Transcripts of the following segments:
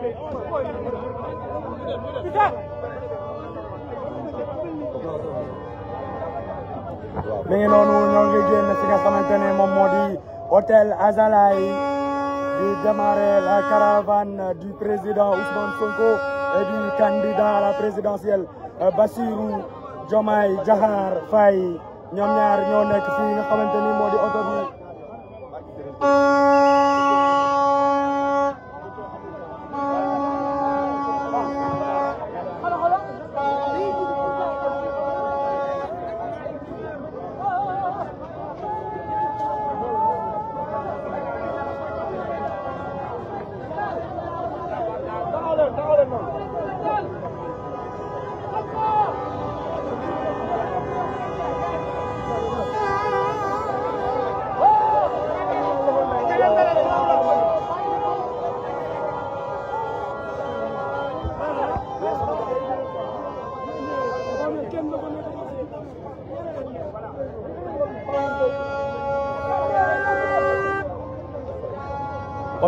Mais non, noonu ñoo ngi génn fi nga xamante ne moom moo di hôtel Azalaï de démarrer la caravane du président Ousmane Sonko et du candidat à la présidentielle euh, Bassirou Diomaye Jahar Faye ñoom ñaar ñoo nekk fi nga xamante ni moo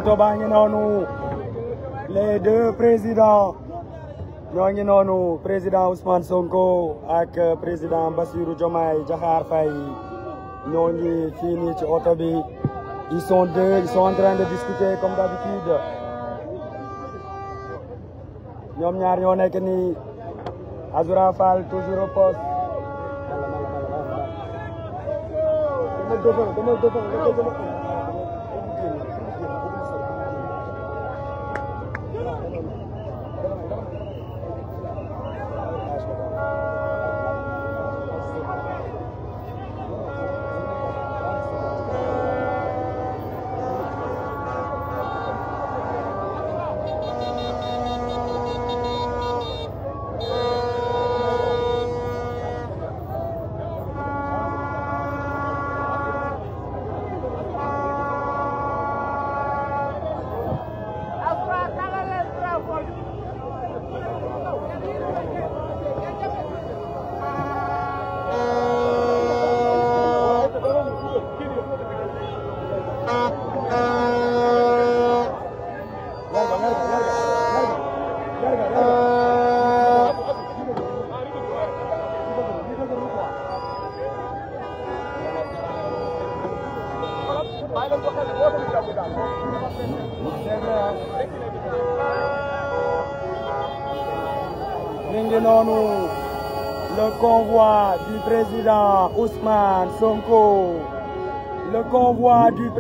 oto baa ngi noonu les deux présidents ñoo ngi noonu président Ousmane Sonko ak président Bassirou Diomaye Diakhar Faye ñoo ngi fii ci oto bi il sont deux ils sont en train de discuter comme d'habitude ñoom ñaar ñoo nekk nii Azoura Fall toujours au poste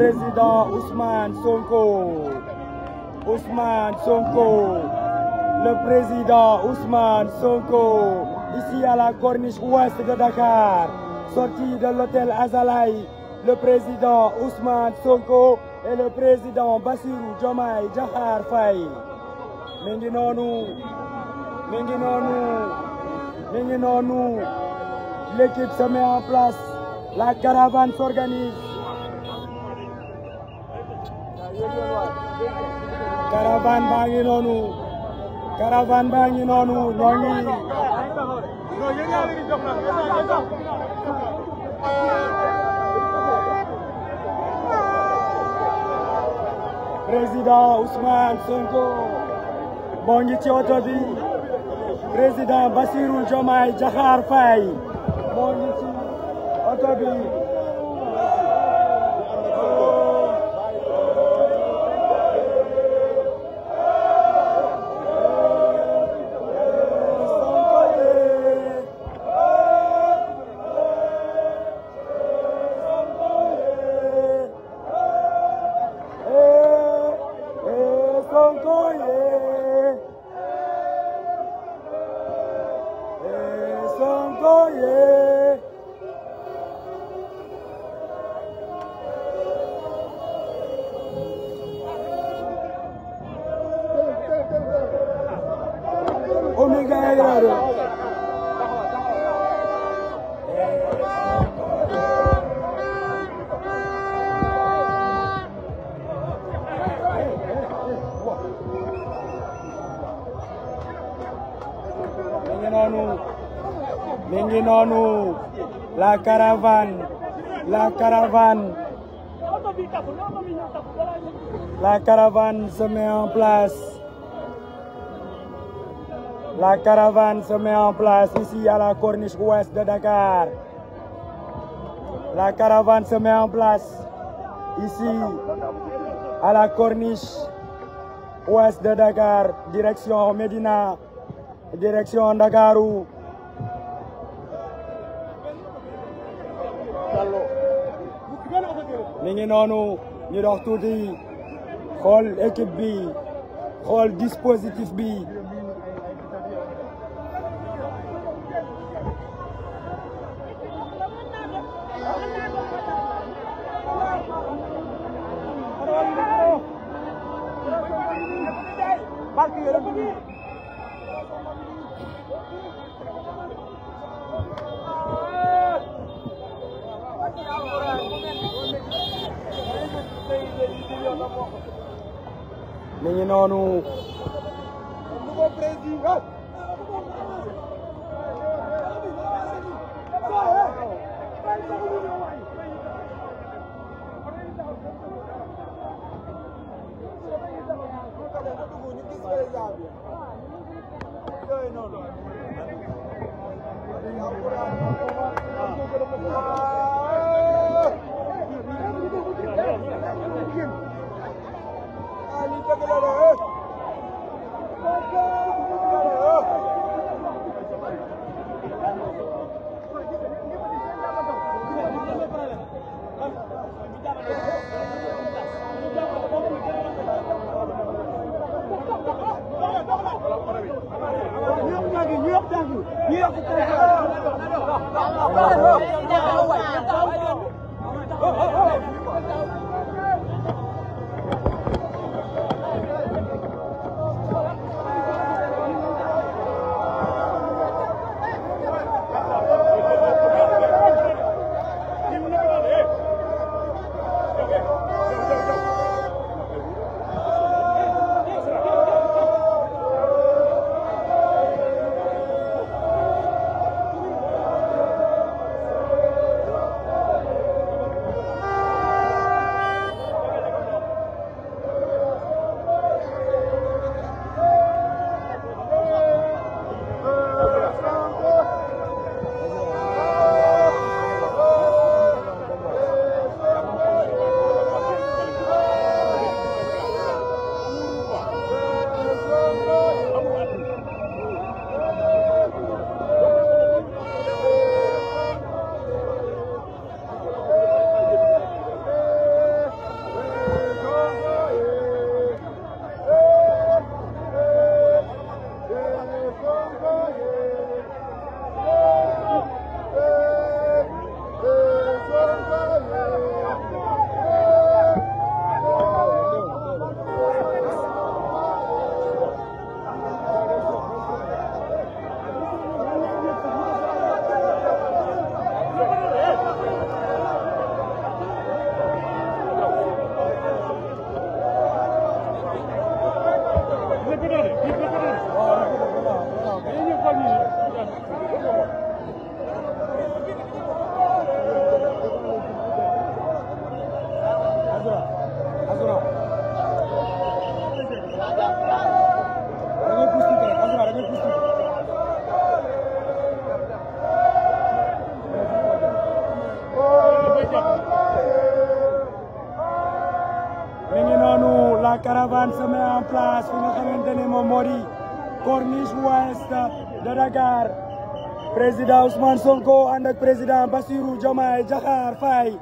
président Ousmane Sonko. Ousmane Sonko. Le président Ousmane Sonko. Ici à la corniche ouest de Dakar. Sorti de l'hôtel Azalai. Le président Ousmane Sonko et le président Bassirou Diomaye Djakhar Faye. Menginonou, Menginonou, l'équipe se met en place la caravane s'organise caravane ngi noonu caravane baa ngi noonu président Ousmane Sonko moo ngi ci oto bi président Bassirou Diomaye Diakhar Faye moo ngi La caravane se met en place. La caravane se met en place ici à la corniche ouest de Dakar. La caravane se met en place ici à la corniche ouest de Dakar, direction Medina, direction Dakarou. mi ngi noonu ñu dox tuuti xool équipe bi xool dispositif bi Ousmane Sonko ànd ak président Bassirou Diomaye Diakhar Faye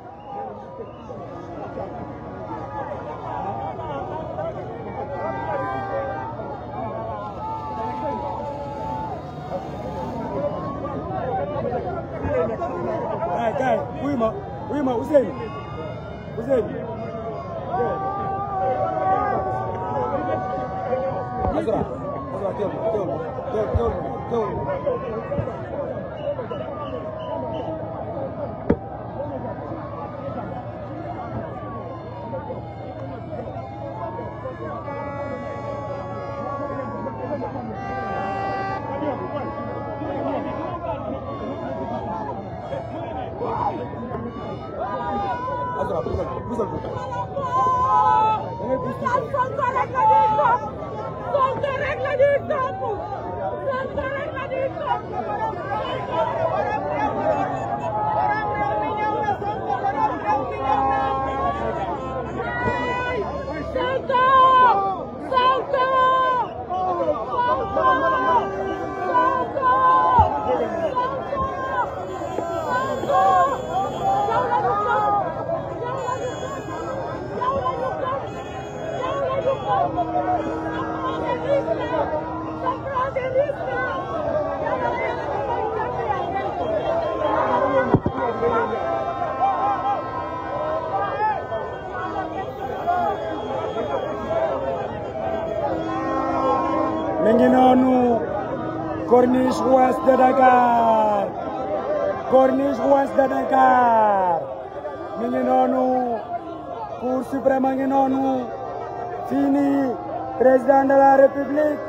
ngi noonu corniche ouest de Dakar corniche ouest de Dakar mi ngi noonu cour suprême a président de la république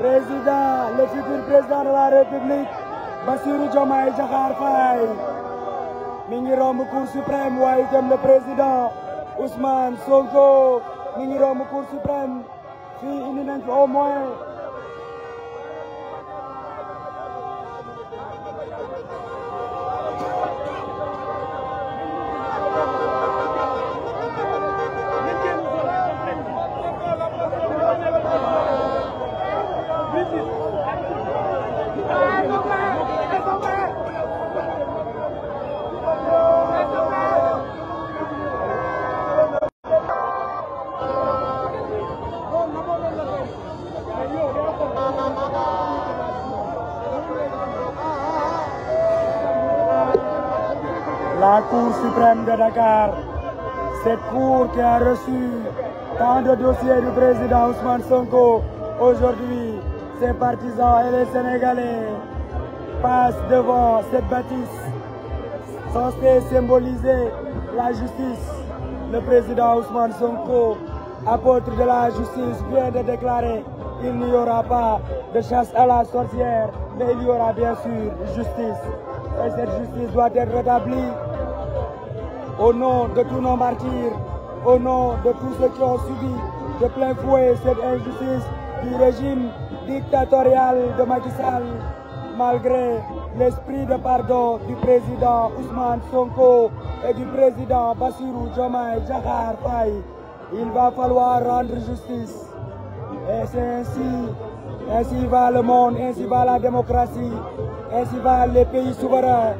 président le futur président de la république Bassirou Diomaye Diakhar mi ngi romb cour suprême waaye jëm le président Ousmane Sonko mi ngi romb cour suprême see ini lang po, oh, more. de Dakar. Cette cour qui a reçu tant de dossiers du président Ousmane Sonko, aujourd'hui, ses partisans et les Sénégalais passent devant cette bâtisse censée symboliser la justice. Le président Ousmane Sonko, apôtre de la justice, vient de déclarer qu'il n'y aura pas de chasse à la sorcière, mais il y aura bien sûr justice. Et cette justice doit être rétablie au nom de tous nos martyrs, au nom de tous ceux qui ont subi de plein fouet cette injustice du régime dictatorial de Macky malgré l'esprit de pardon du président Ousmane Sonko et du président Basirou Diomaye Faye, il va falloir rendre justice. Et c'est ainsi, ainsi va le monde, ainsi va la démocratie, ainsi va les pays souverains.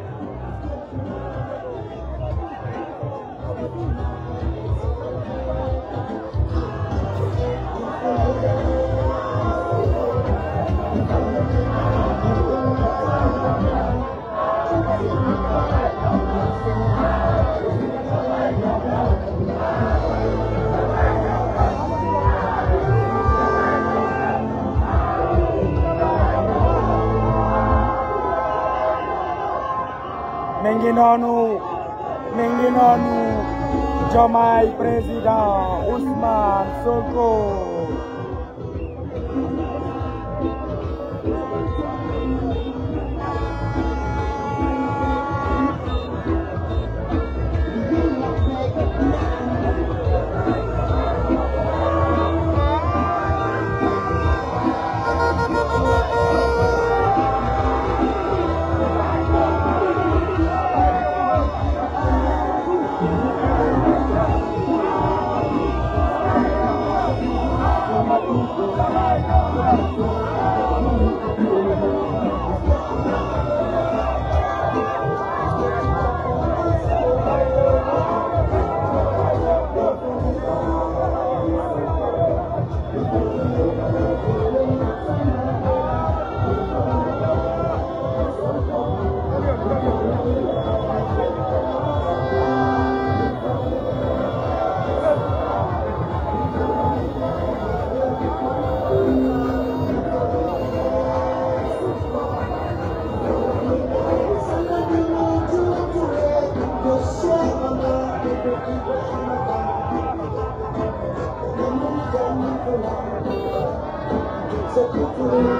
noonu mi ngi noonu Diomaye président Ousmane Sonko sepultura.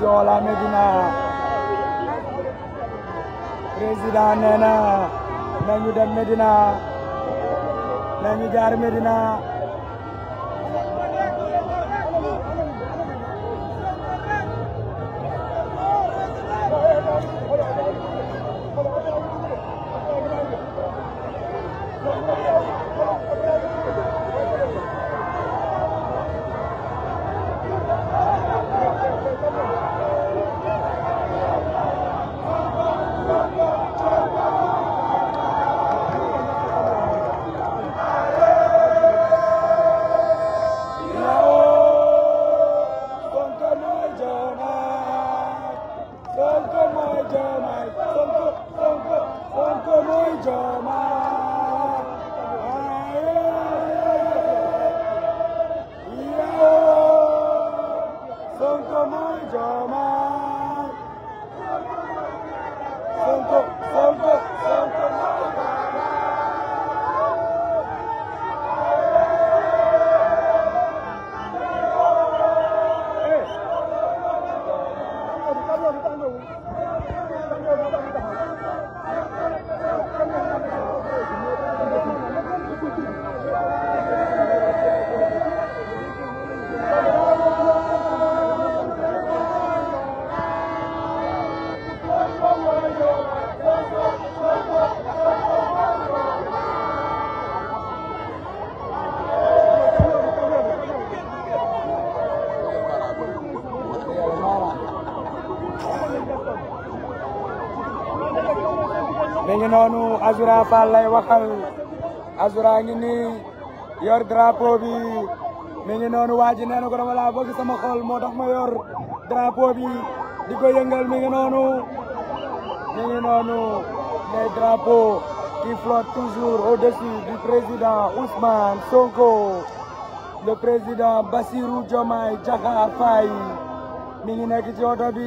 direction la Médina président nee na nañu dem Médina nañu jaar Médina chờ mày con cơ con cơ con cơ môi chờ mày Hãy subscribe cho kênh Ghiền Azura Fall lay waxal Azura ngi nii yor drapeau bi mi ngi noonu waa ji nee laa bëgg sama xol moo tax ma yor drapeau bi di ko yëngal mi ngi noonu mi ngi noonu les toujours au-dessus du président Ousmane Sonko le président Bassirou Diomaye Diakhar Faye mi ngi nekk ci oto bi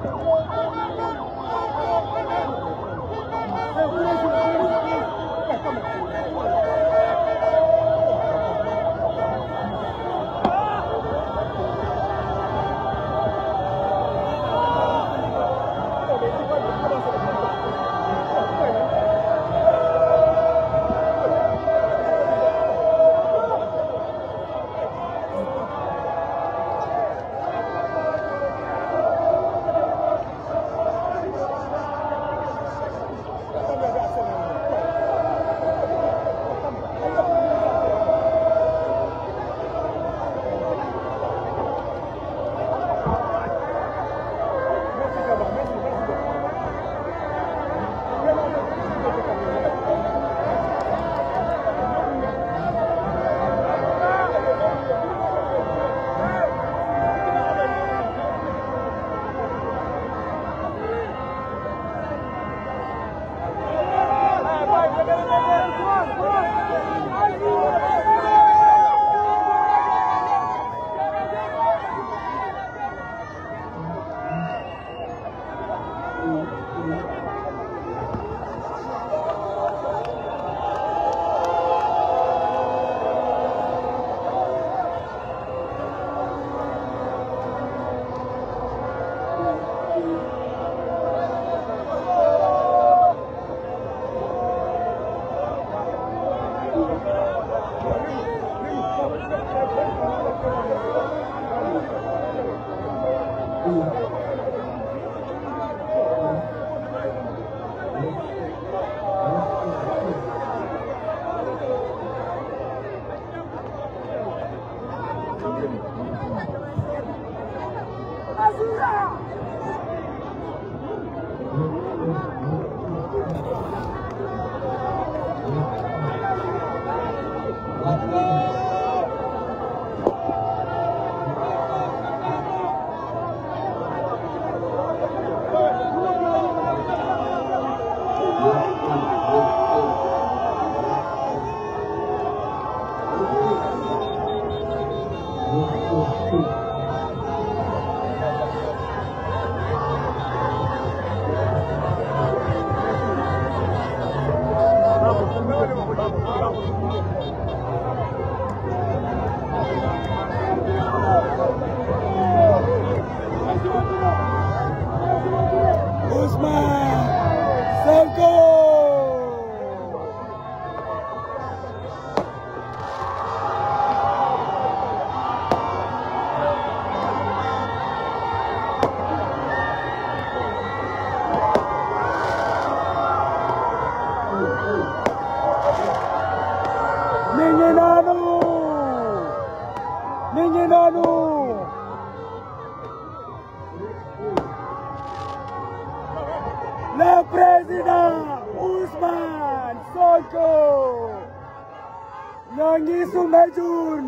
Nyanyi Sumbe Jun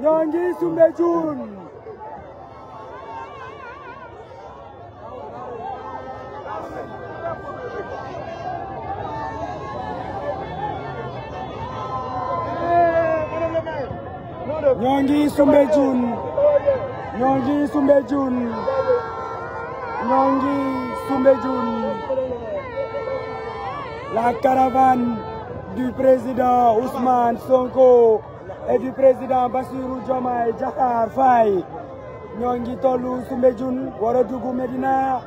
Nyanyi Sumbe Jun Nyanyi Sumbe Jun Nyanyi Sumbe Jun Nyanyi Sumbe Jun La caravane du président Ousmane Sonko et du président Bassirou Diomaye Diakhar Faye ñoo ngi tollu Soumbédioune war a dugg Médina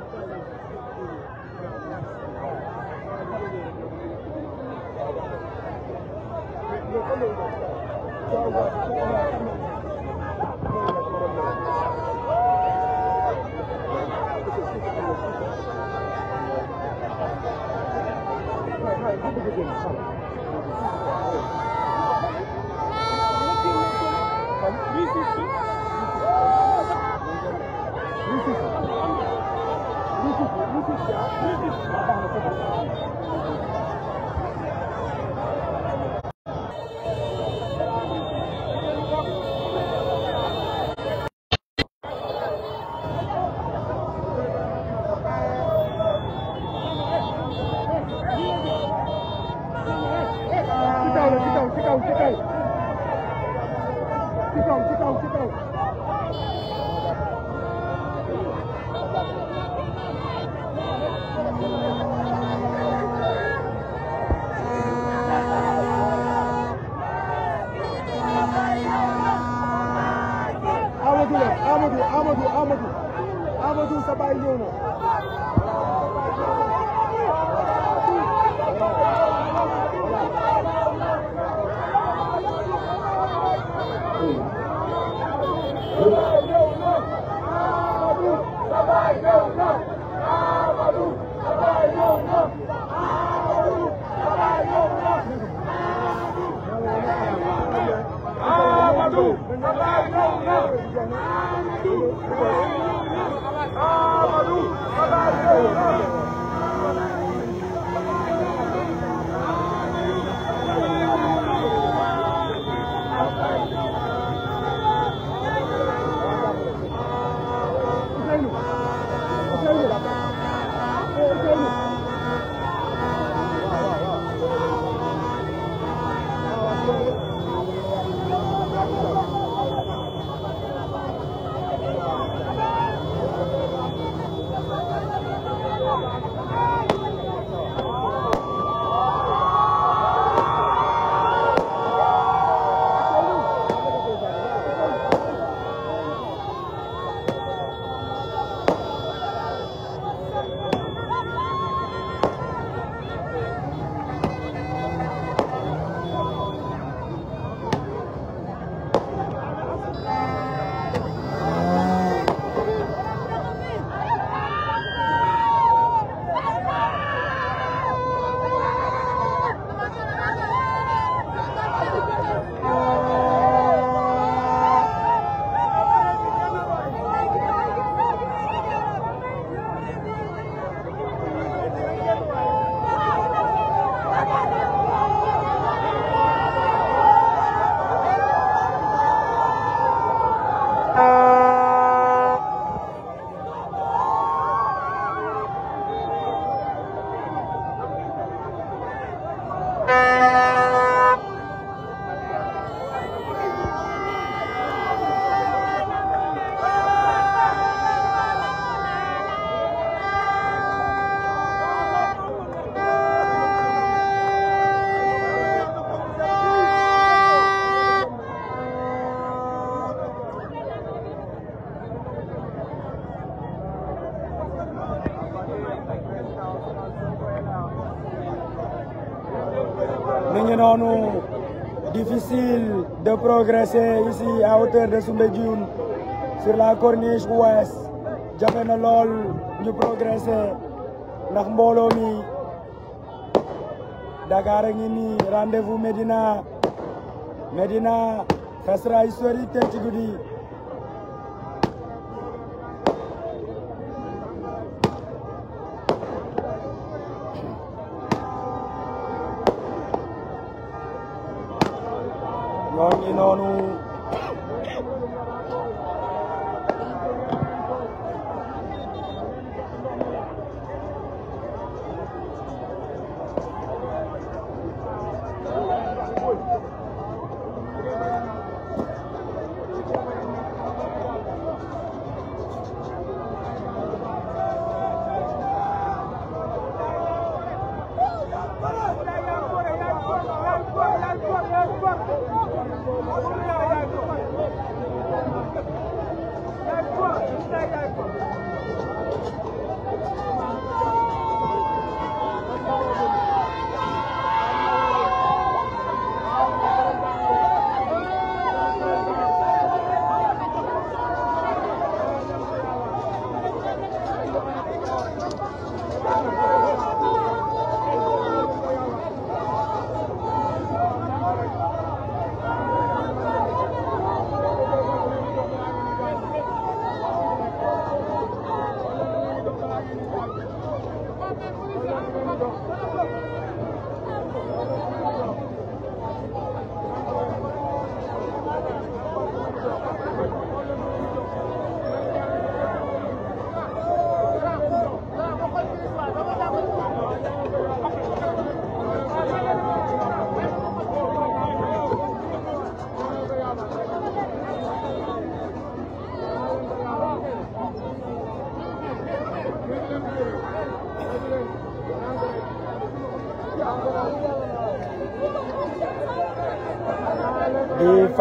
nous difficile de progresser ici à hauteur de Soumbédioune sur la corniche ouest jafe na nous progresser Nous rendez-vous Medina. Medina, ça sera historique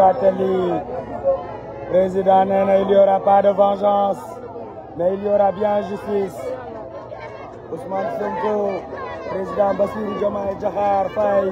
Batali, président Nena, il n'y aura pas de vengeance, mais il y aura bien justice. Ousmane Sonko, président Bassirou Diomaye Diakhar Faye,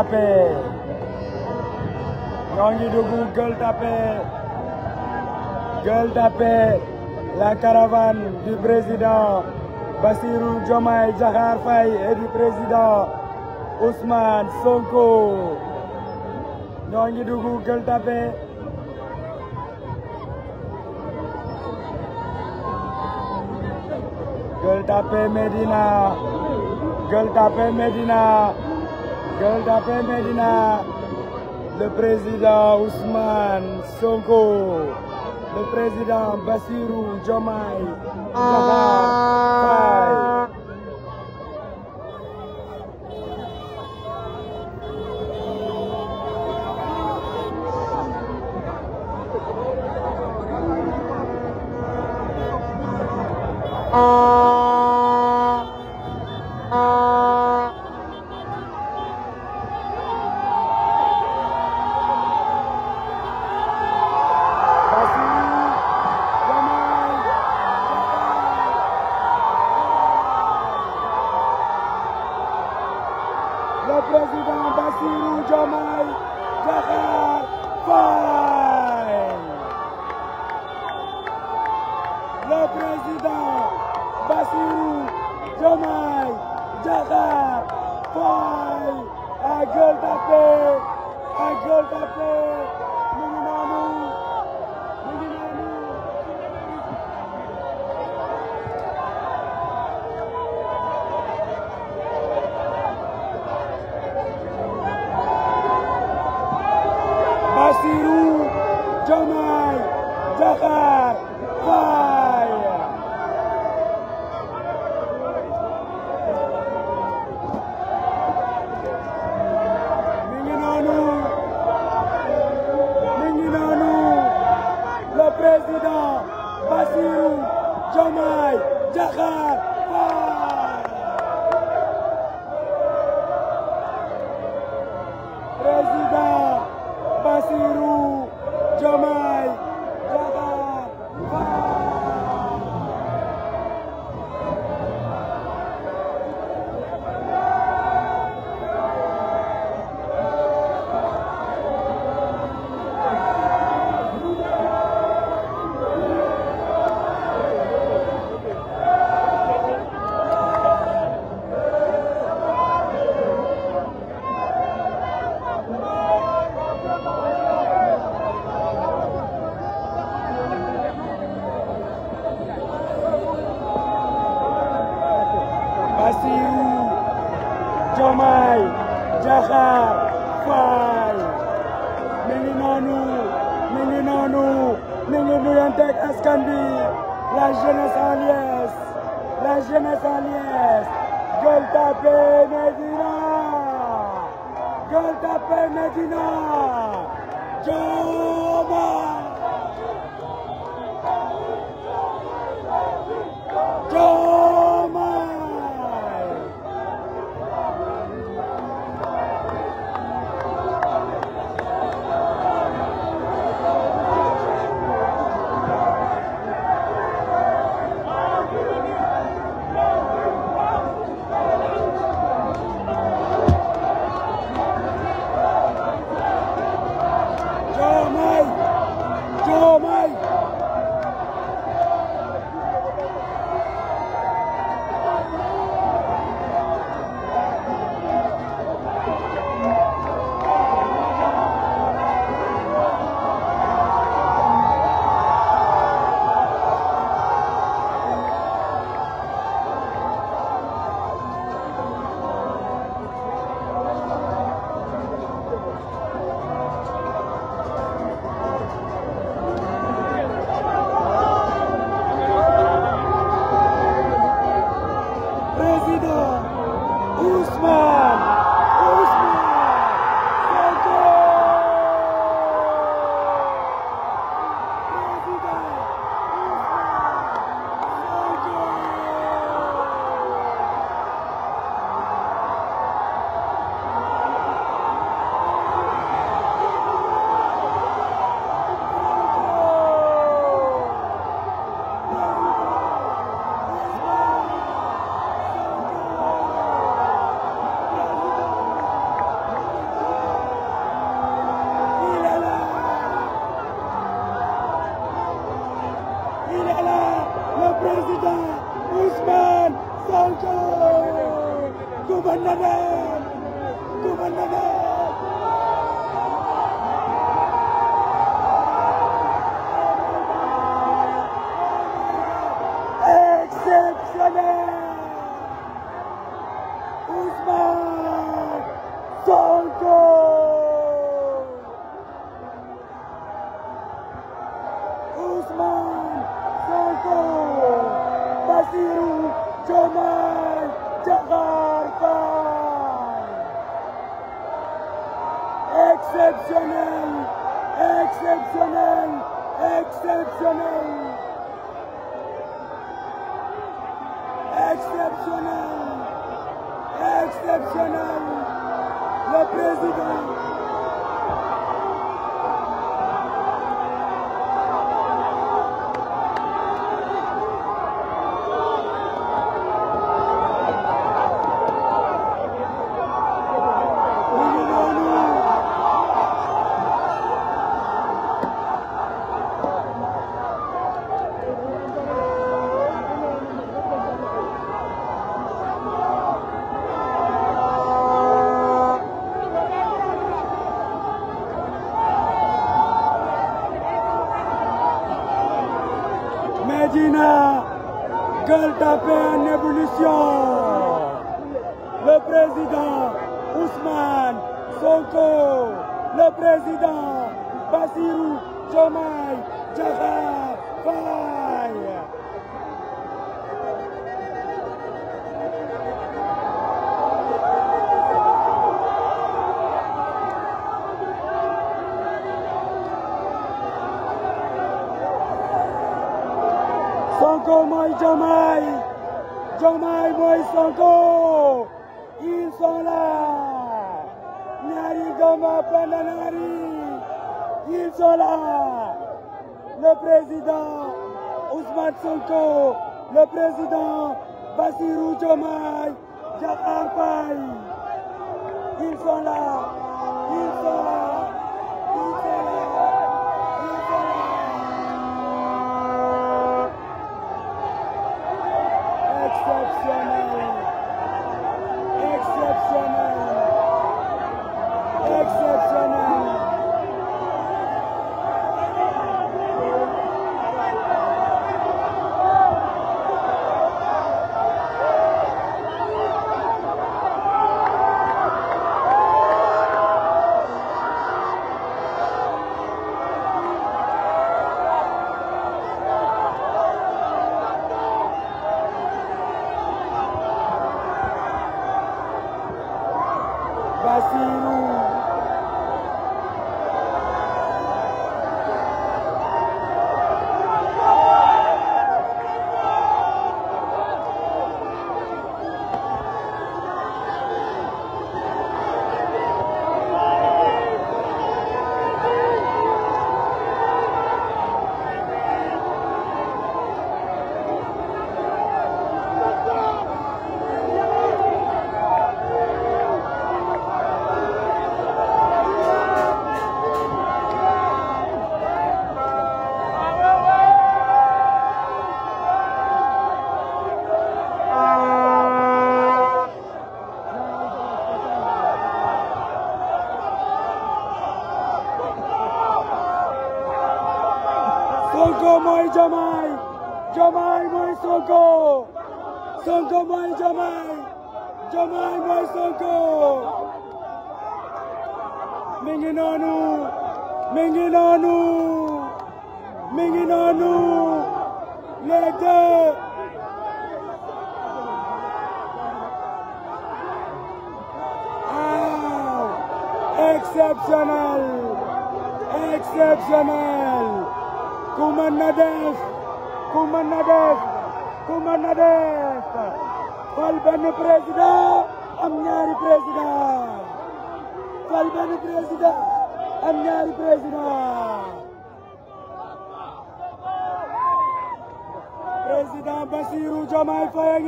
Tapé ñoo ngi dugg Gueule tapé, Gueule tapé. la caravane du président Bassirou Diomaye Diakhar Fay et du président Ousmane Sonko non ngi dugg Gueule tapé, Gueule tapé Medina, Gueule tapé Medina le président Ousmane Sonko, le président Bassirou Diomaye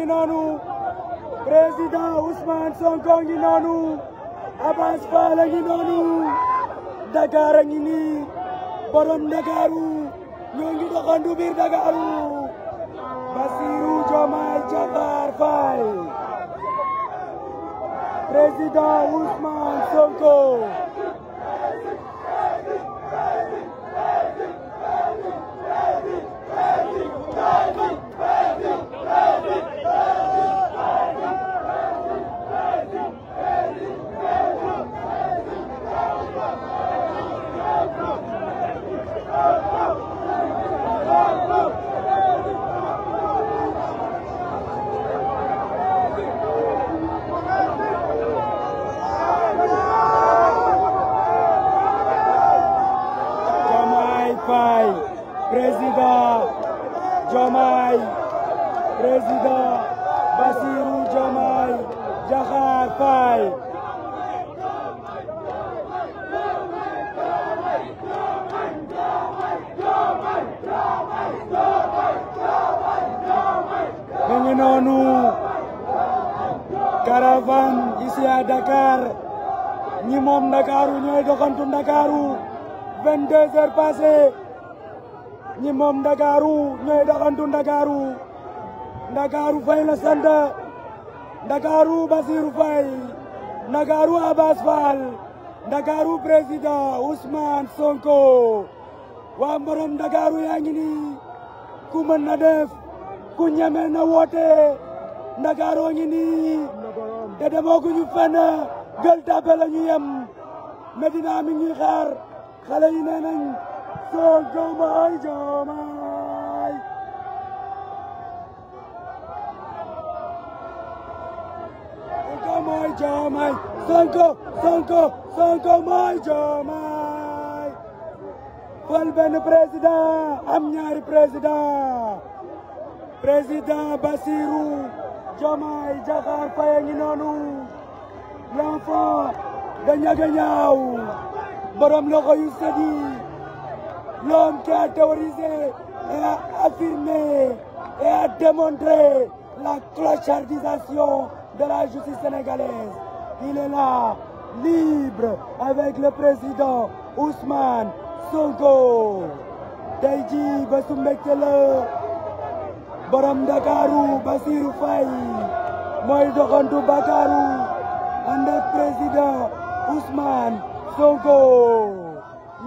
ngi noonu président Ousmane Sonko ngi noonu Abass Fall ngi noonu Dakar ngi nii borom Ndakaaru ñoo ngi doxandu biir Ndakaaru Bassirou Diomaye Diakhar Faye président Bassirou Diomaye Diakhar Faye mu ngi noonu caravane ñi moom Ndakaaru ñooy doxantu Ndakaaru 22 heures passées ñi moom Ndakaaru ñooy doxantu Ndakaaru ndakaaru fay la sant ndakaaru basiru fay ndakaaru abbas fall ndakaaru président ousmane sonko waa mborom ndakaaru yaa ngi nii ku mën na def ku ñeme na woote ndakaaroo ngi nii te demoo ñu fenn gël tappe la ñu yem medina mi ñuy xaar xale yi nee nañ soo jooma ay my Jamai. Sanko, sanko, sanko my Jamai. fal président am ñaari président président Bassirou Jomai, Diakhar Faye ngi l'enfant de Niaganiao borom loxo l'homme qui a théorisé et a affirmé et a démontré la clochardisation de la justice sénégalaise. Il est là, libre, avec le président Ousmane Sonko. tey jii Boram su Dakaru Bassirou Faye mooy doxantu Bakaru ànd président Ousmane Sonko.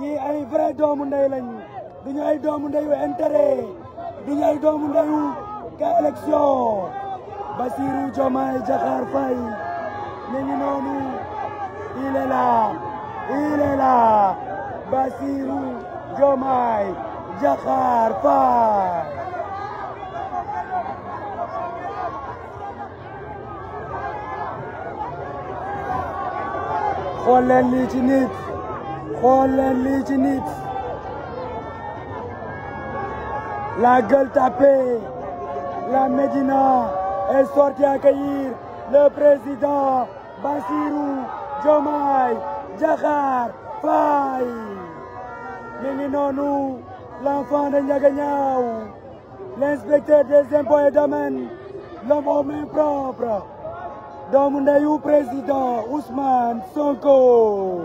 il ay vrai doomu ndey lañu duñu ay doomu intérêt venu ay élection. Basirou Jomai Jakhar Faye nomi il est là il est là Basirou Jomai Jakar Faye les leen ci la Gueule Tapée la Médina est sorti accueillir le président Bassirou Jomai Diakhar Faye Nous l'enfant de Ndiaganiao l'inspecteur des impôts et domaines l'homme aux mains propres doomu le président Ousmane Sonko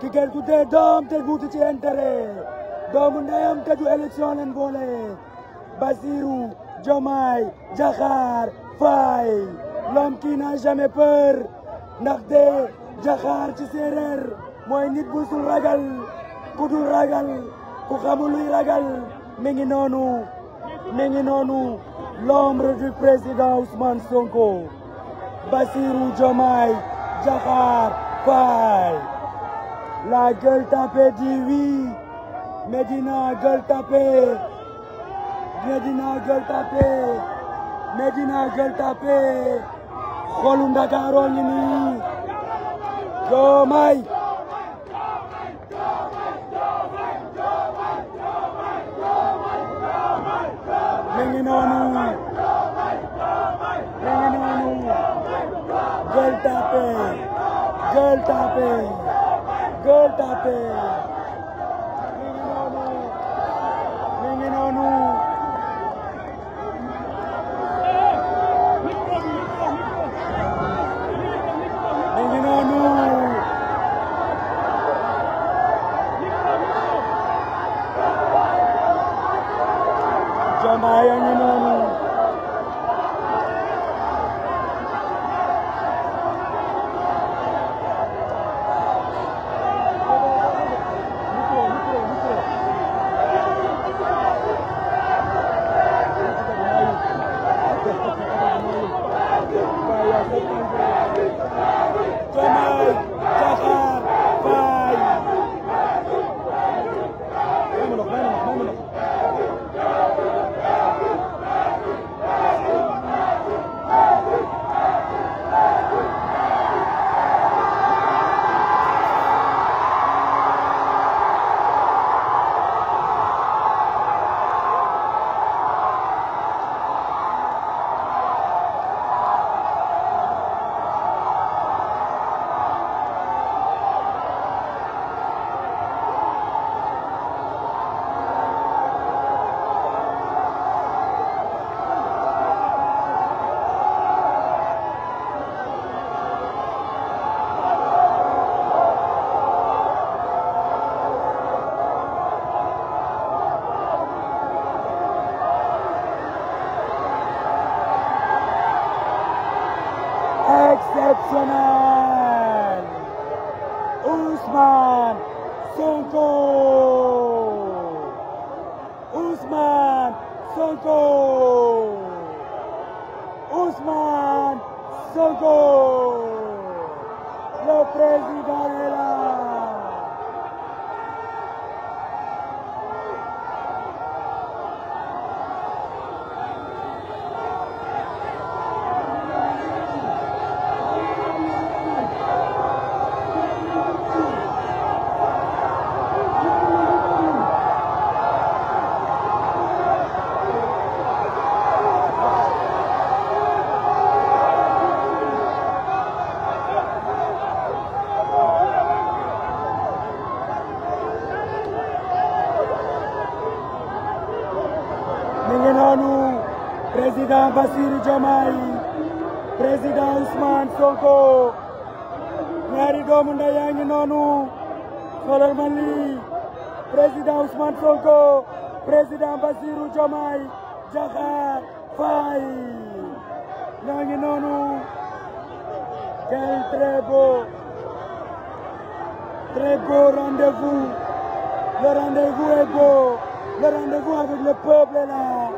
qui est tout te doom de guutu ci intérêt doomu on te du élection en volée, Bassirou Jomai, Jahar, Faye l'homme qui n'a jamais peur ndax de Diakhar ci séeréer mooy nit bu sul ragal ku ragal ku ragal mi ngi mi l'ombre du président Ousmane Sonko Basiru Jomai, Jahar, Faye la Gueule Tapée dit oui Medina, Gueule Tapée Medina Gueltapé Medina Gueltapé xolu Ndakaaroo ngi nii Diomaye mi ngi noonu mi ngi noonu Gueltapé Gueltapé Gueltapé mi ngi noonu mi ngi noonu président Bassirou Diomaye président Ousmane Sonko doomu nday yaa noonu xoolal lii président Ousmane Sonko président Bassirou Diomaye Diakhar Faye ñaa ngi noonu quel très beau très beau rendez le rendez-vous le rendez-vous avec le peuple est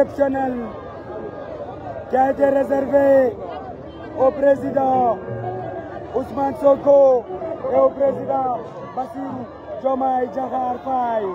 exceptionnel qui a été réservé au président Ousmane Sonko et au président Bassirou Diomaye Diakhar Faye.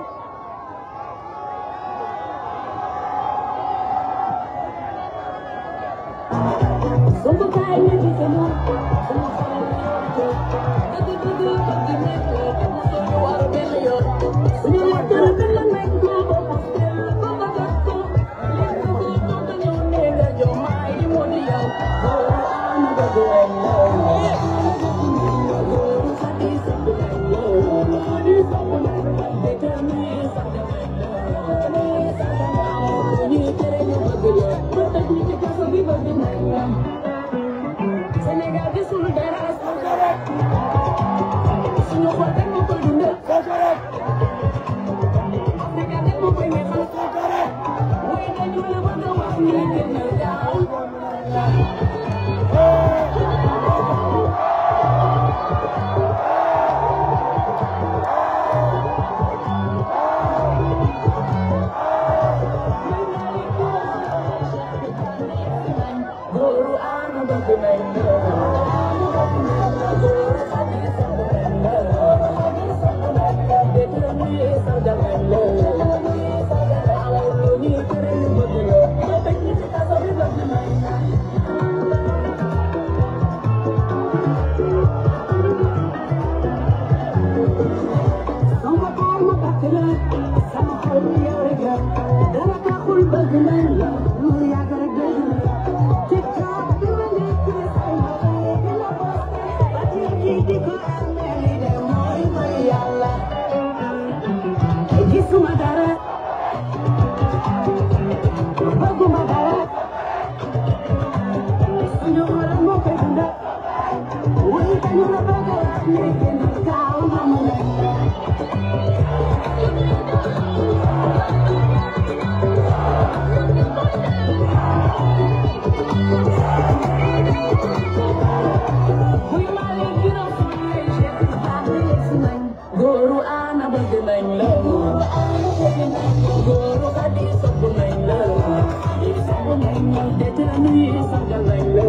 để me anh đi sang gần lành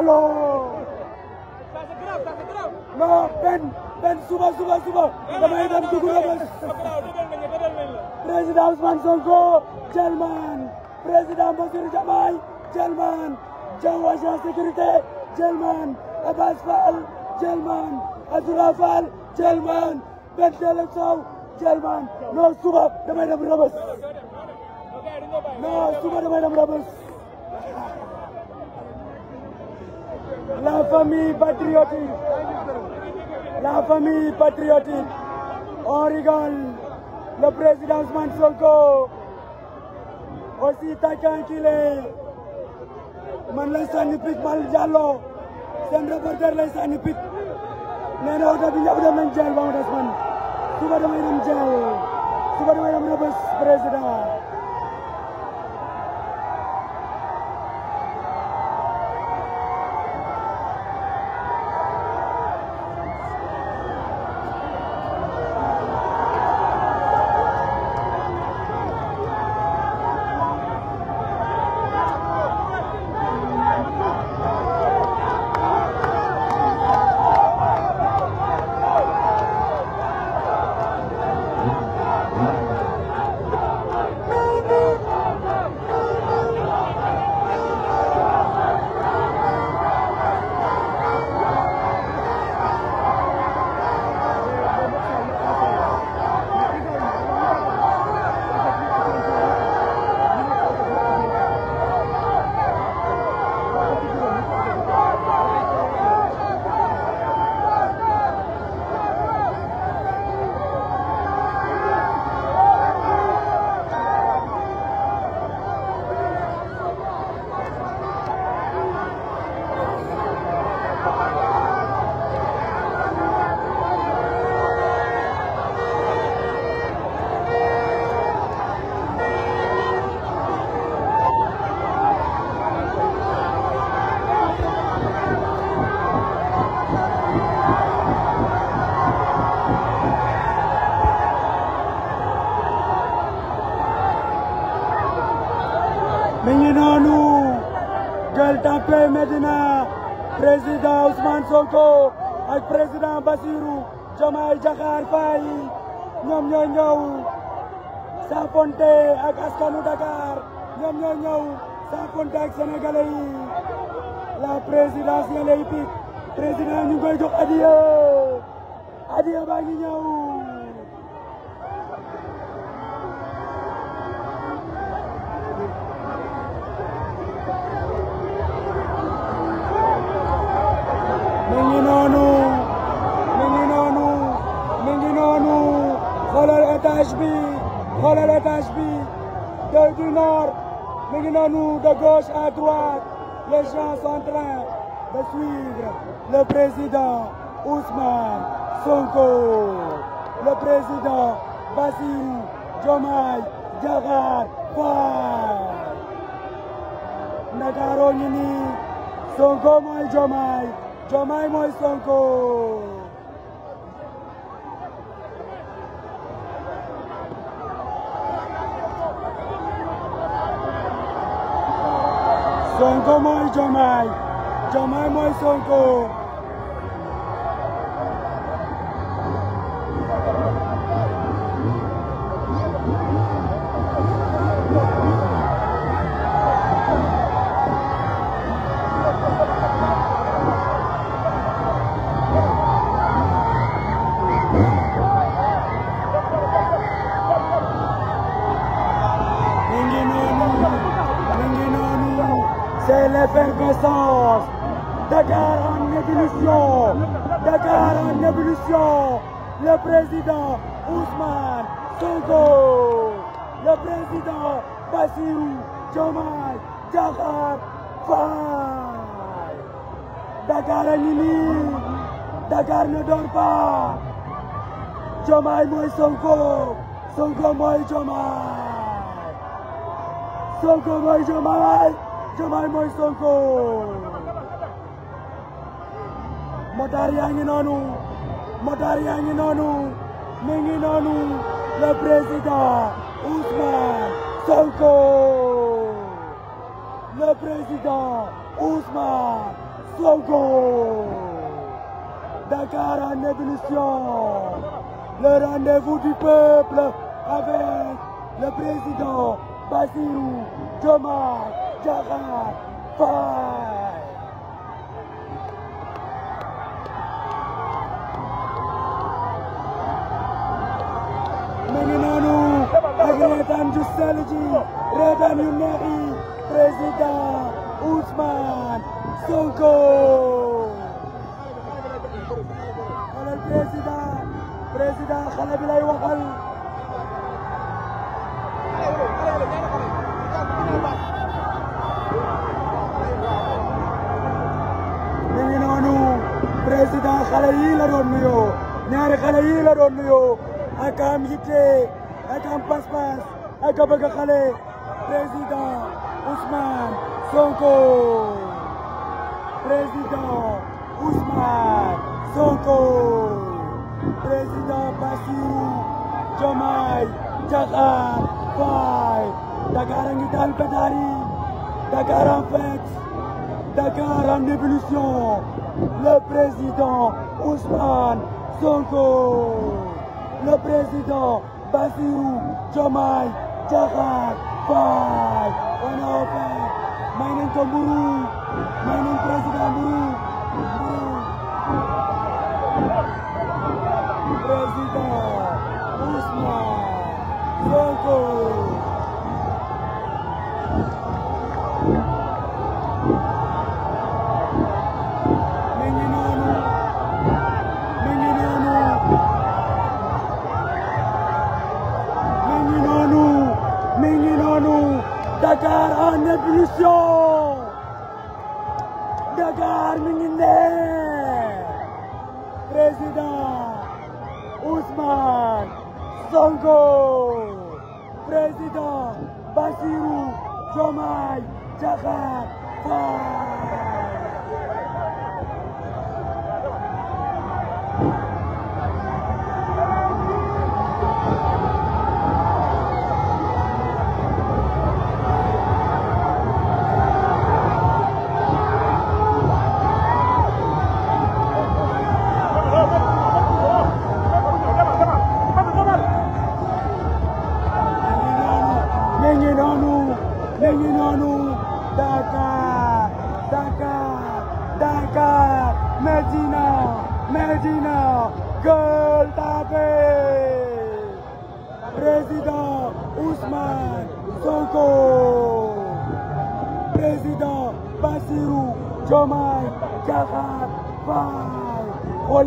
Diallo. non benn suba suba suba damay dem dugg Rebeuss. président Ousmane Sonko Jelman président Bassirou Diomaye Jelman Diaw agent sécurité Jelman Abass Fall Jelman Azoura Fall Jelman suba damay dem Rebeuss suba damay dem La famille patriotique. La famille patriotique. On rigole. Le président Mansoko. Aussi taquin qu'il est. man lay sànni picc Mal Diallo un reporter lay sànni picc nee na oto bi ñëpp dem nañ jël ba mu des man suba damay dem jël suba damay dem de président ak sénégalais yi la présidentielle yi président ñu ngi koy jox président Bassirou Diomaye Diakhar Faye Ndakaaroo ngi nii Sonko mooy Diomaye Diomaye mooy Sonko Sonko mooy Diomaye Diomaye mooy Sonko ngi nii Dakar ne dort pas mooy Sonko Sonko mooy Diomaye Sonko mooy Diomaye Diomaye mooy Sonko motaar yaa ngi noonu motaar yaa ngi noonu mi ngi noonu le président Ousmane Sonko le président Ousmane Sonko Dakar en ébullition Le rendez-vous du peuple avec le président Basirou Thomas Jara Faye mu ngi noonu ak reetaan ju président Ousmane Sonko xolal président président xale bi waxal mi ngi noonu président xale yi la doon nuyoo ñaari xale yi la doon nuyoo ak am yitte ak am pas-pas ak bëgg xale président Ousmane Président Ousmane Sonko. Président Bassirou Jomai Tchakar, Fai, Dakar en ngi Dakar en fête. Dakar en ébullition. Le président Ousmane Sonko. Le président Bassirou Jomai Tchakar, Fai, On a offert maïnen nañ menino menino, en ébullition Ousmane Sonko président Bassirou Diomaye Diakhar Faye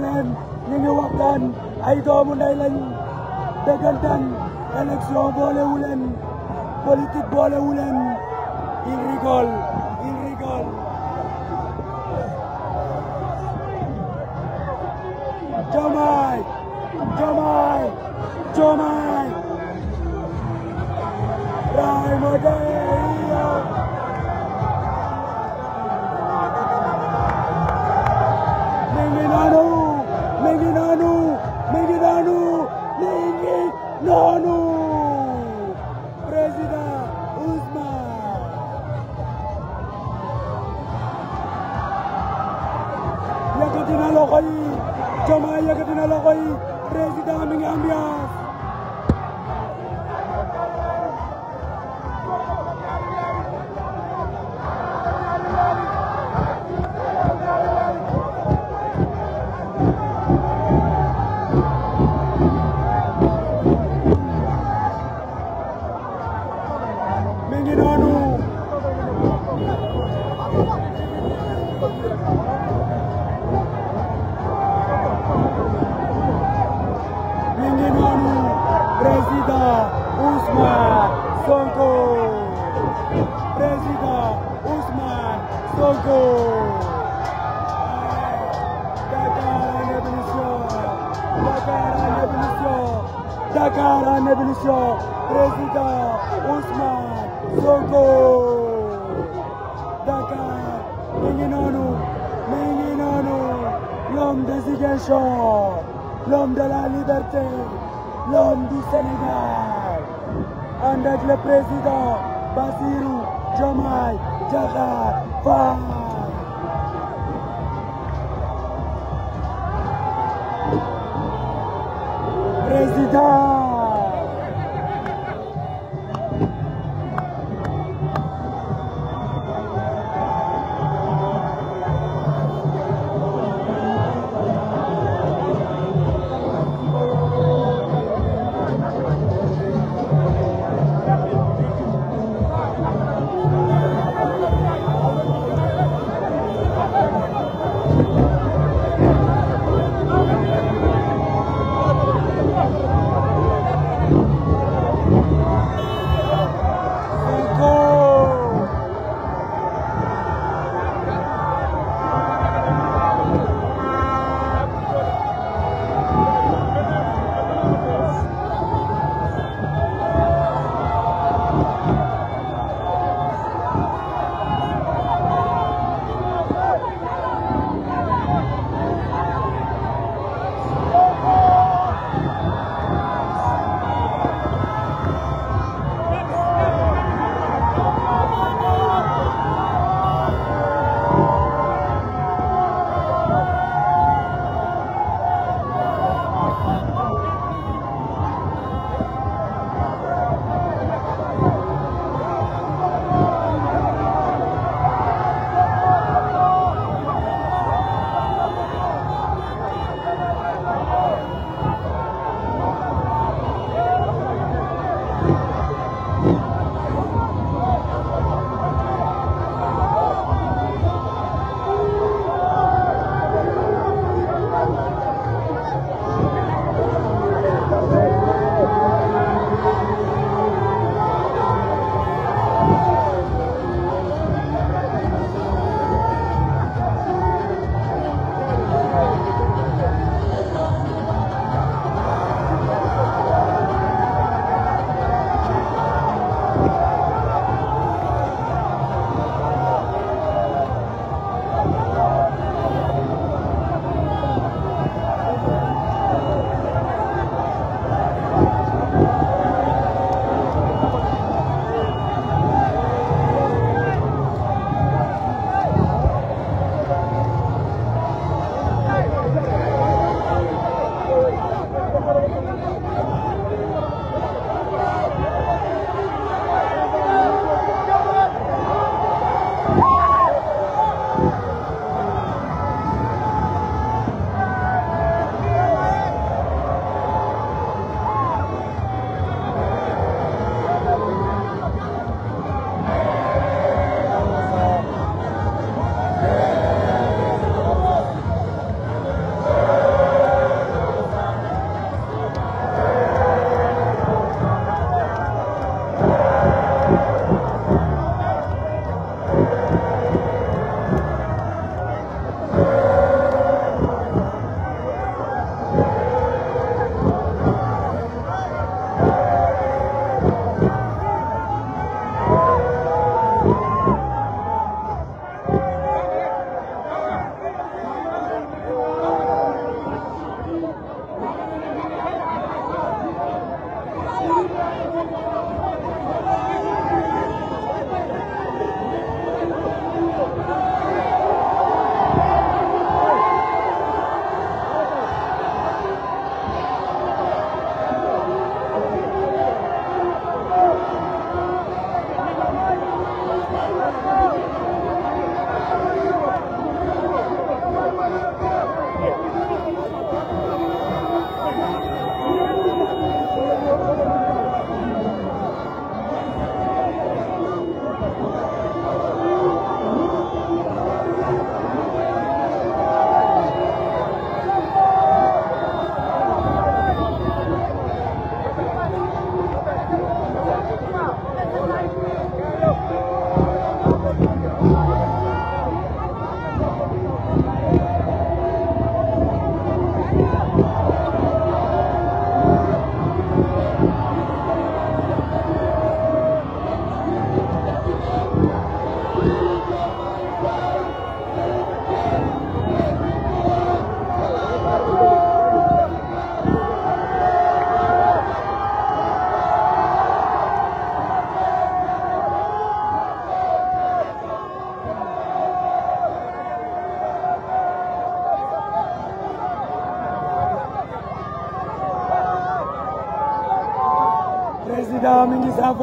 PLN menyuapkan idea mundai lain degantan eleksi boleh ulen politik boleh ulen ini Boa! Presidente!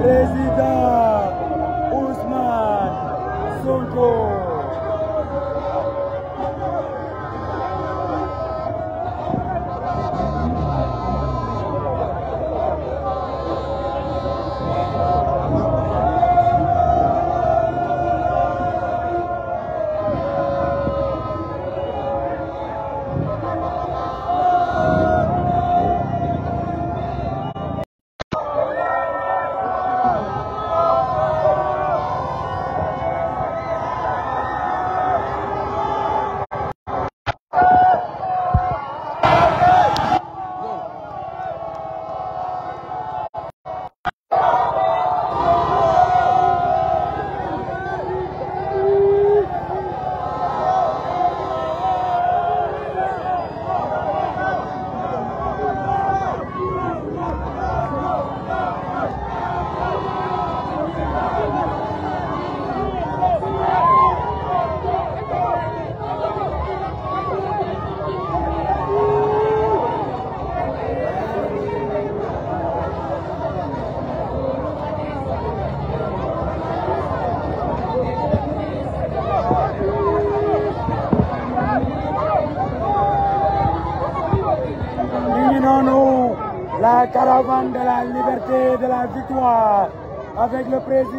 Presidão! regular prayers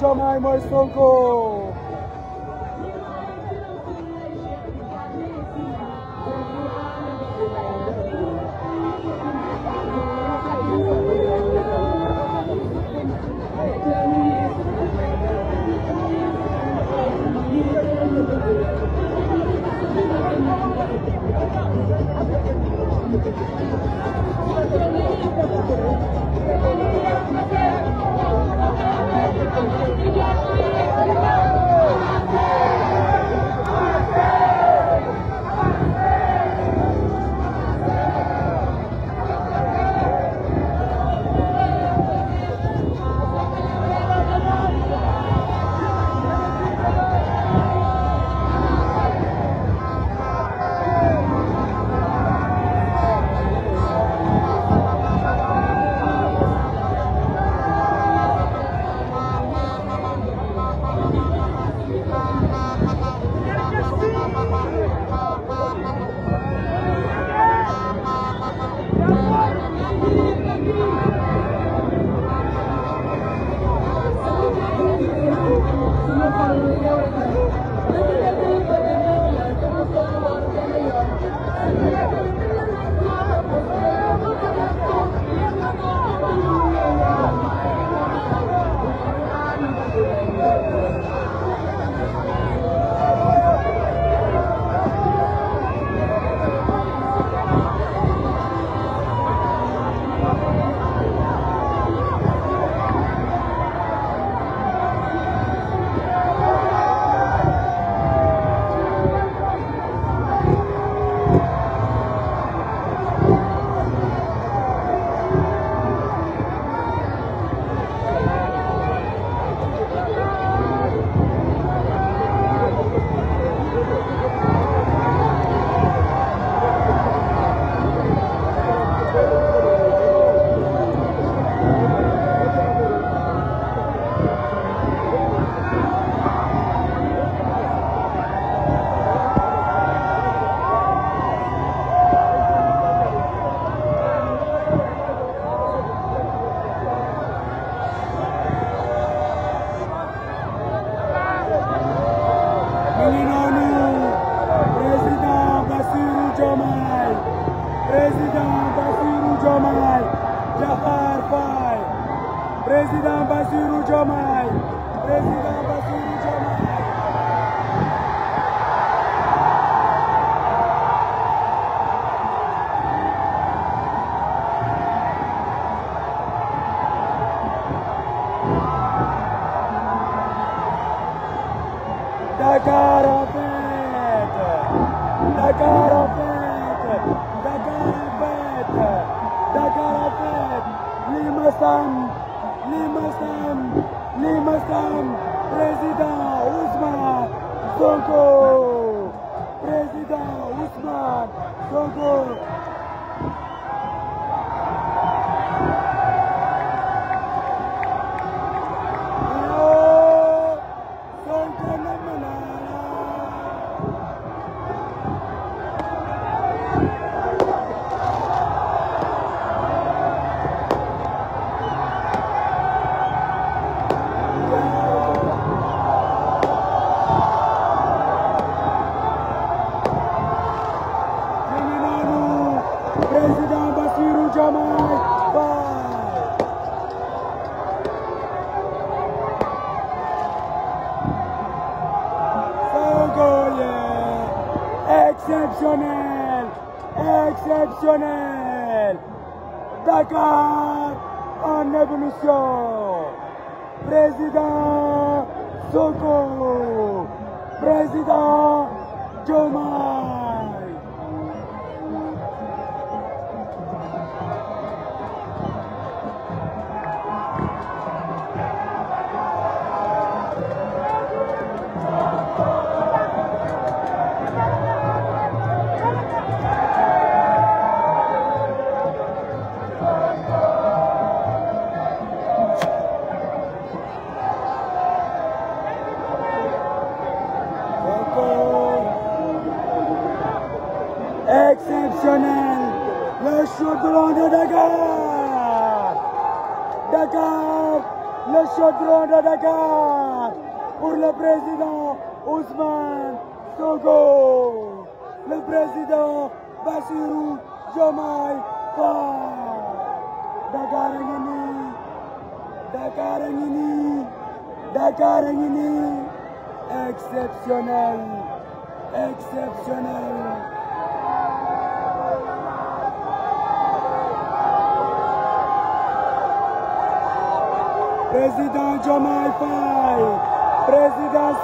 trong 20 Stone Cold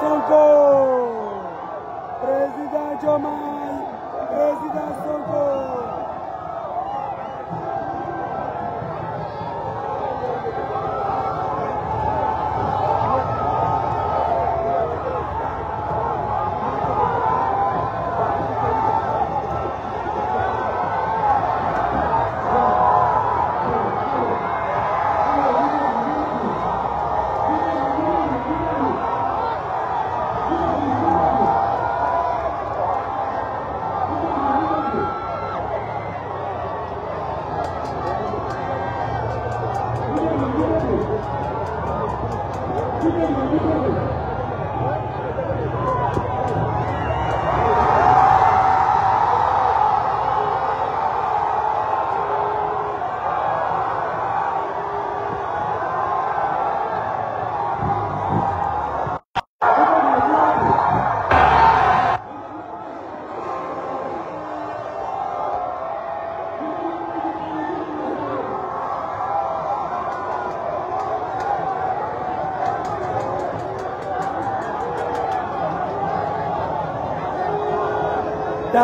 field goal.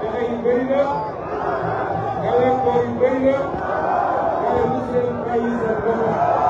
pexe yu bëri la gàllankoor yu bëri la wala ñu seen bàyyi seen bopp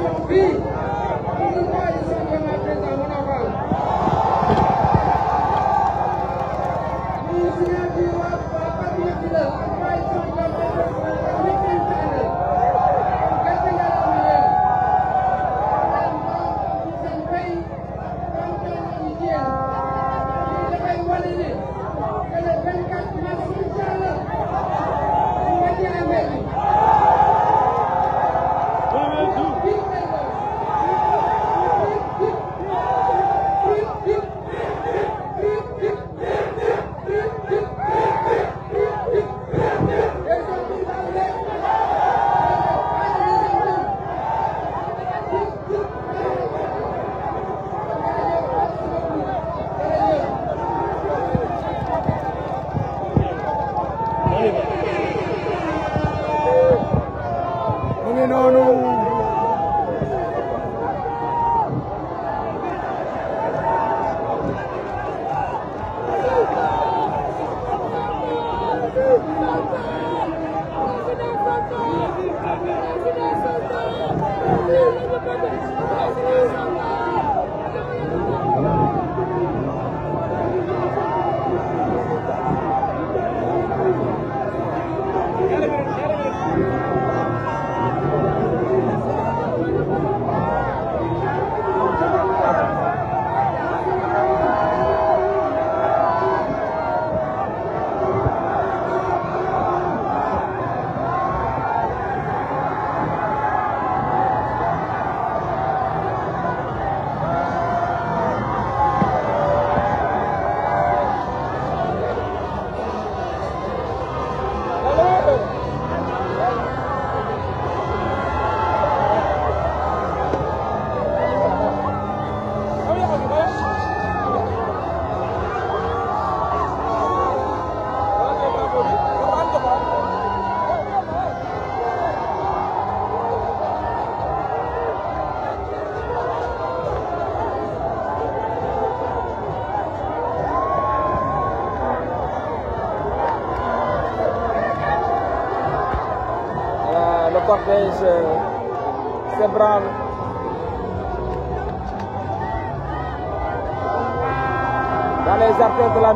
Zumbi!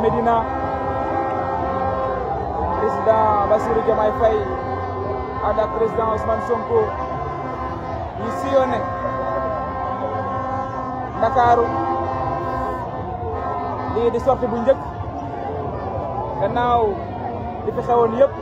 Médina président Bassirou Diomaye Faye ànd président Ousmane Sonko yi sillonné Ndakaaru lii di sorti bu njëkk gannaaw li fi xewoon yëpp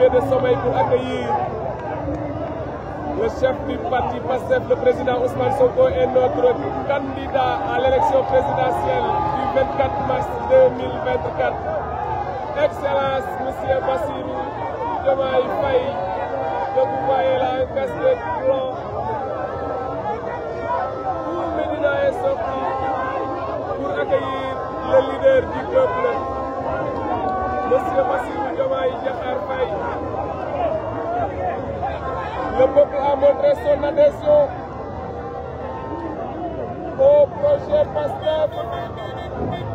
PDC Mbaye pour accueillir Obrigado.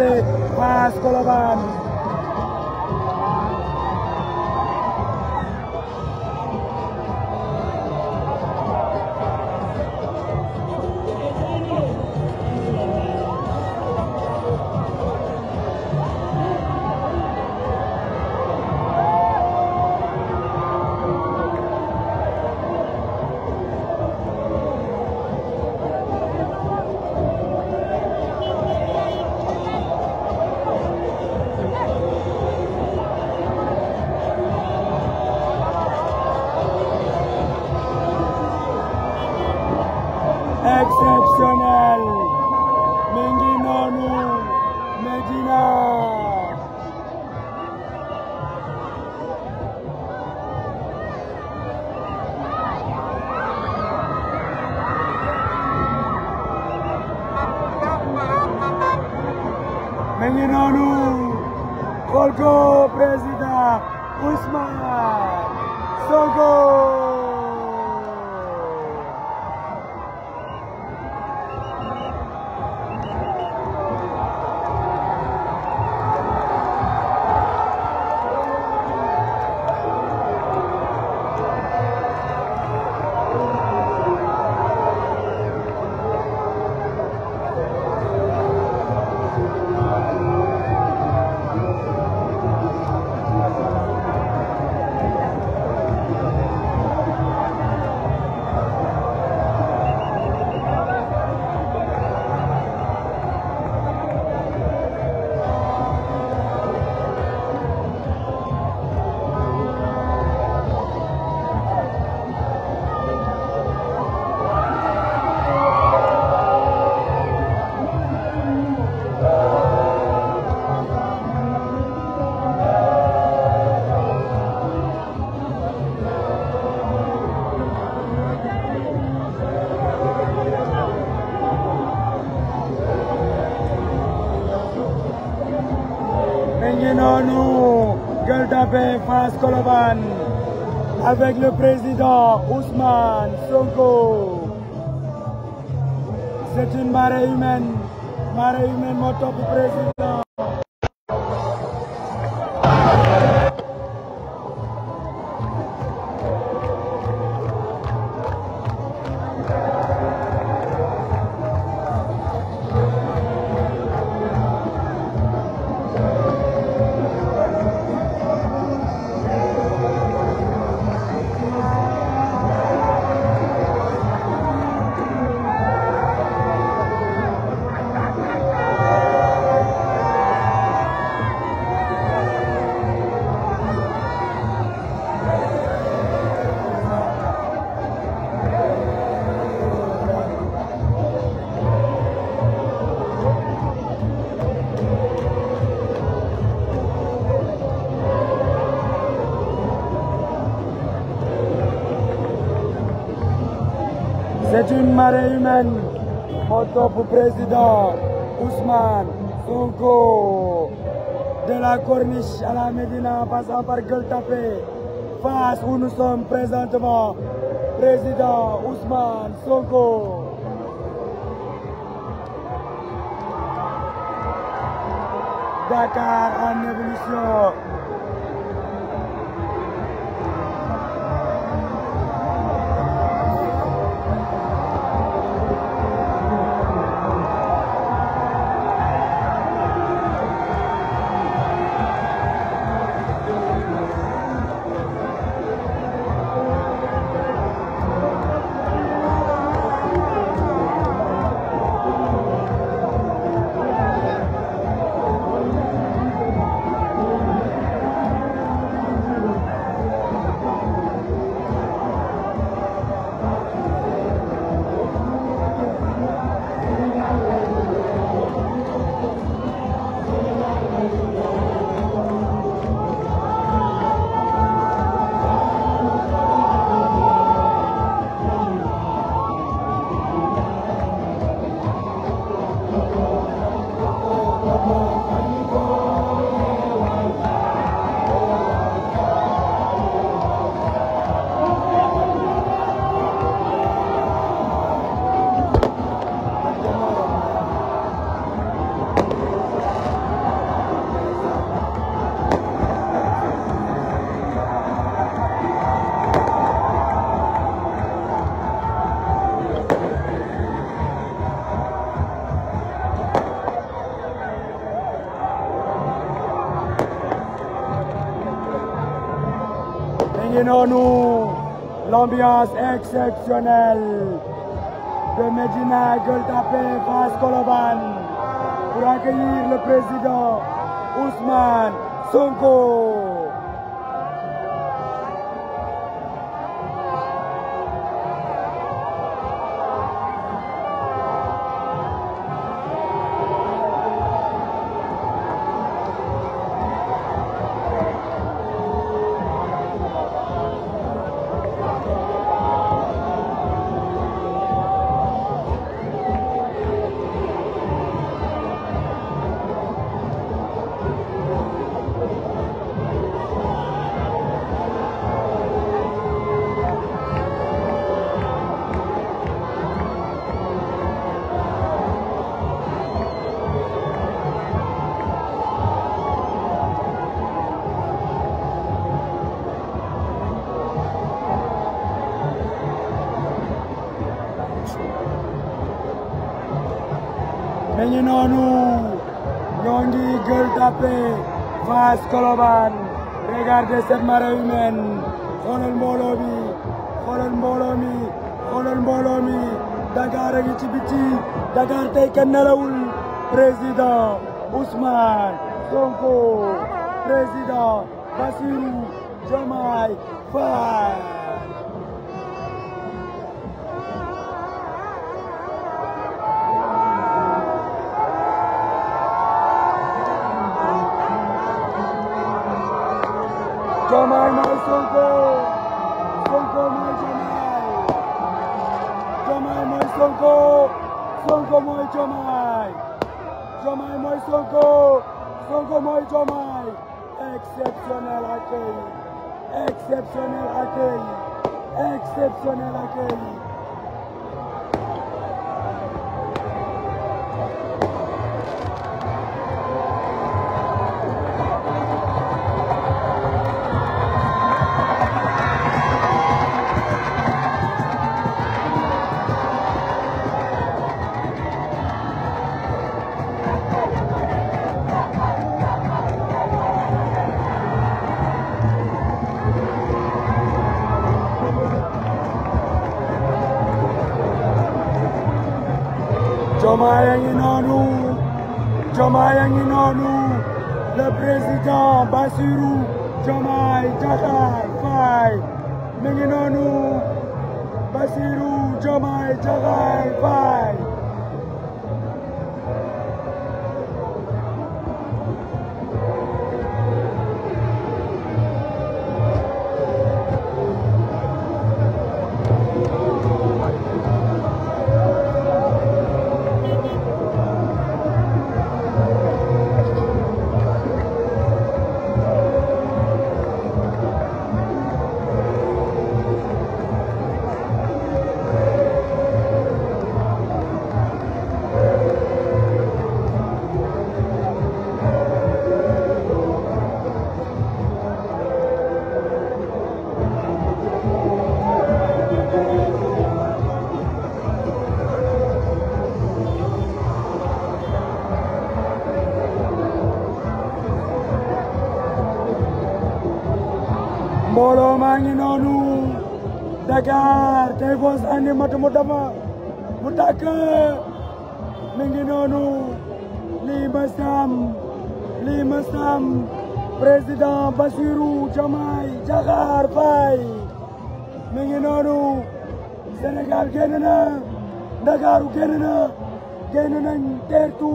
Wojtek Paskolowany. ngi noonu xool ko président Ousmane Sonko Fass avec le président Ousmane Sonko. C'est une marée humaine, marée humaine motop du président. marée humaine pour le président Ousmane Sonko. De la Corniche à la Médina en passant par Gueltapé face où nous sommes présentement, président Ousmane Sonko. Dakar en évolution. ambiance exceptionnelle de Medina Goltapé face Coloban pour accueillir le président Ousmane Sonko. ngi noonu ñoo ngi Gueule Tapée Fass Colobane regardez cette marée humaine xoolal mbooloo mi xoolal mbooloo mi xoolal mbooloo mi ci biti Dakar tey nelawul président Ousmane Sonko président Bassirou Diomaye Faye Sonko! Sonko, my Jamal! Jamal, my Sonko! Sonko, my Jamal! Jamal, my Sonko! Sonko, my Jamal! Exceptionnel accueil! Exceptionnel accueil! Exceptionnel accueil! Diomaye président Bassirou Diomaye Diakhar Faye Dakar tey foo sànni matu mu dama mu tàkk mi ngi noonu lii ma saam lii ma saam président Bassirou Diomaye Diakhar Faye mi ngi noonu Sénégal génn na Ndakaaru génn na génn nañ teertu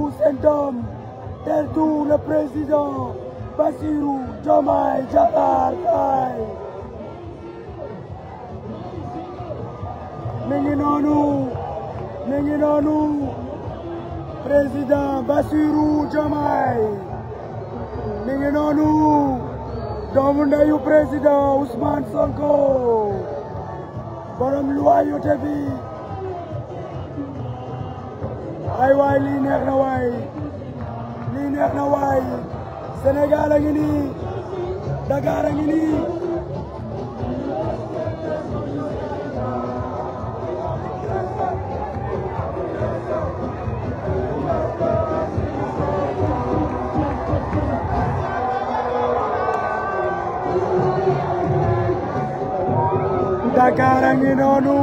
président Bassirou Diomaye Diakhar Faye ngi noonu mi noonu président Bassirou Diomaye mi ngi noonu doomu ndeyu président Ousmane Sonko borom loyauté bi ay waay lii neex na waay lii neex na waay Sénégal a ngi nii Dakar a ngi nii Dakar a ngi noonu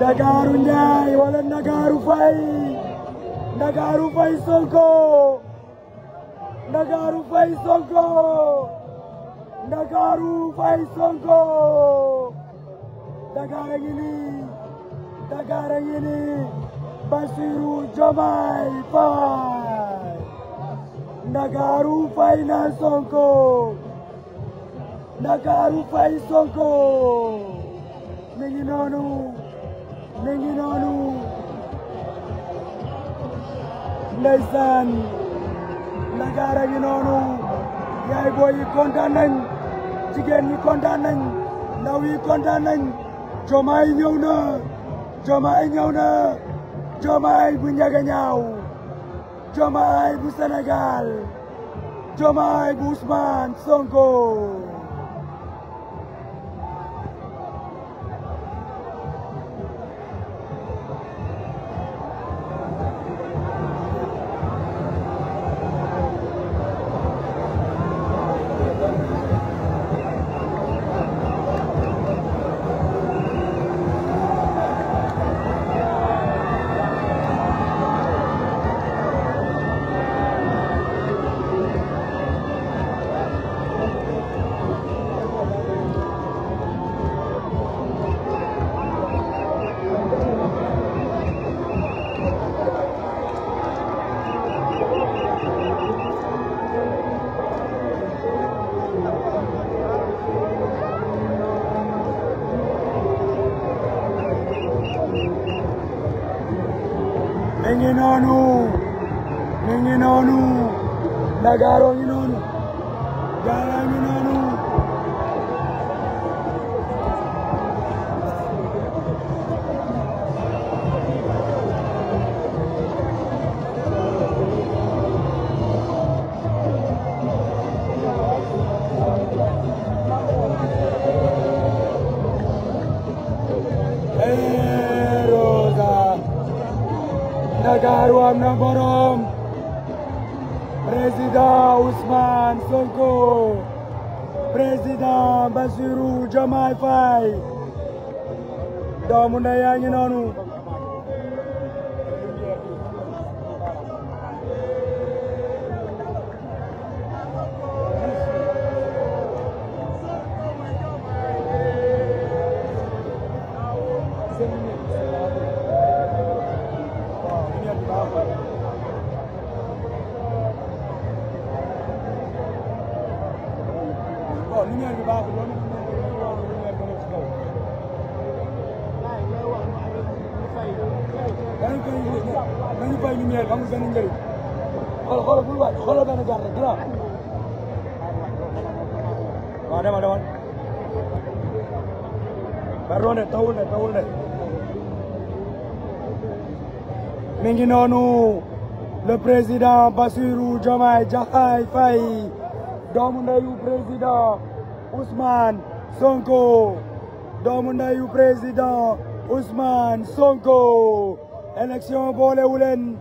Dakaru Njaay wala Dakaru Fay Dakaru Fay Sonko Dakaru Fay Sonko Dakaru Fay Sonko Dakar a ngi nii Dakar a ngi nii Basiru Jomaay Faay Dakaru Fay na Sonko Ndakaaru fay Sonko mi noonu mi noonu ndeysaan Ndakaar a noonu yaay booy yi kontaan nañ jigéen ñi kontaan nañ ndaw yi kontaan nañ Diomaye ñëw na Diomaye ñëw na Diomaye bu njaga ñaaw Diomaye bu Sénégal Diomaye bu Ousmane Sonko cagaron y no, no. Nagaru Amnaboro. ਮੁੰਡੇ ਆ ਜਿਨ੍ਹਾਂ ਨੂੰ le président Bassirou Diomaye Diakhar Faye domou le président Ousmane Sonko domou le président Ousmane Sonko élection les wulen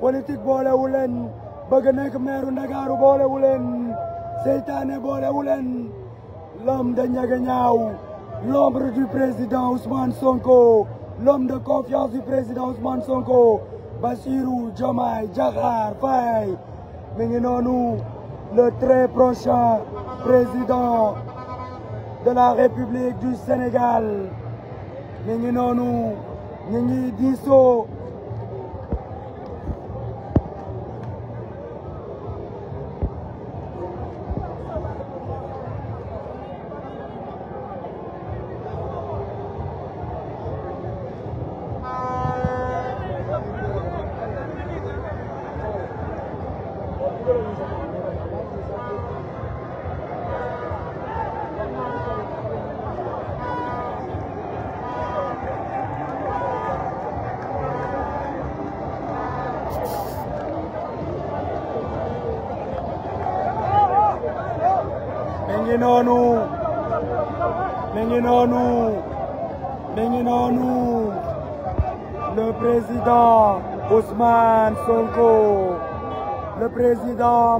politique boolewu Baganek bëgg Nagaru meeru Ndakaaru bolé wulen pour les wulen l'homme de Ndiaganiao l'ombre du président Ousmane Sonko l'homme de confiance du président Ousmane Sonko Bassirou Diomaye Jagar, Faye le très prochain président de la République du Sénégal nous nous,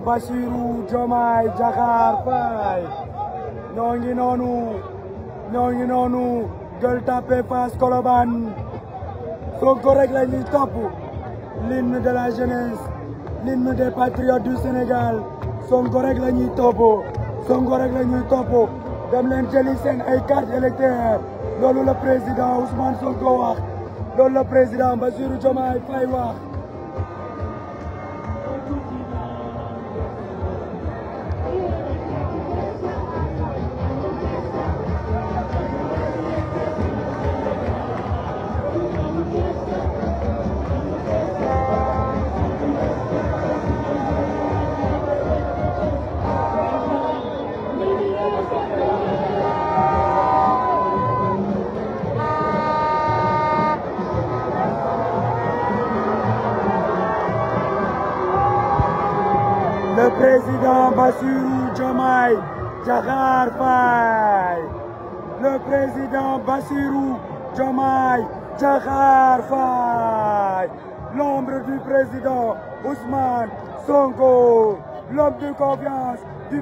Bassirou Diomaye Jakar, Faye Nongi ngi nongi ñoo ngi noonu Gueule Tapée face Colobane la ñuy l'hymne de la jeunesse l'hymne des patriotes du Sénégal Son corrects la ñuy topo. Son les la ñuy topo. dem électeurs, dans le électeur le président Ousmane Sonko wax le président Bassirou Diomaye Faye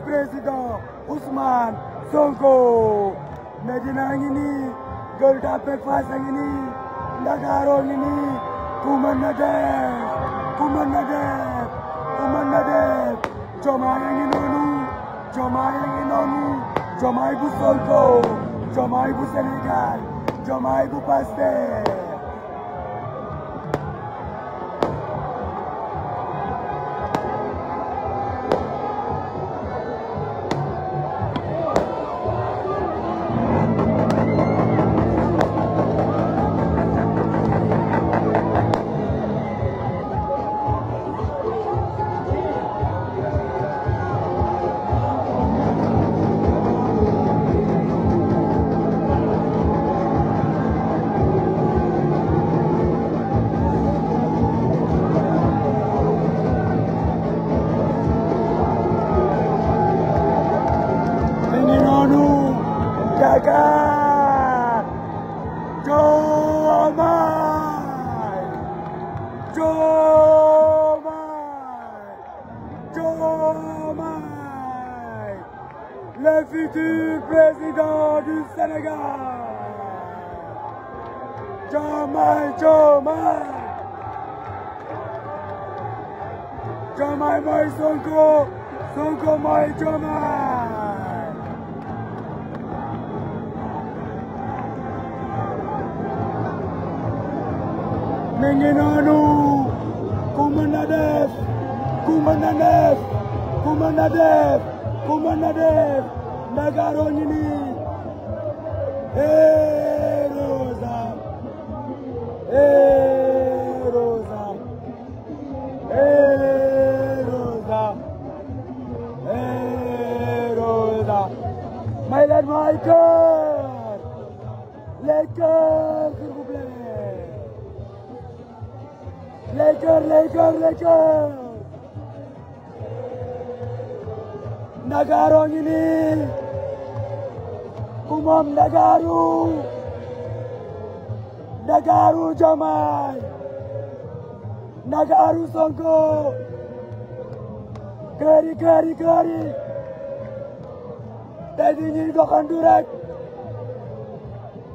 président Ousmane Sonko Medina ngi nii Gueule Tapée Fass ngi nii Ndakaaru ngi nii ku mën na def ku mën na def ku mën na def Diomaye ngi noonu Diomaye ngi noonu Diomaye bu Sonko Diomaye bu Sénégal Diomaye bu Pastef Ousmane Sonko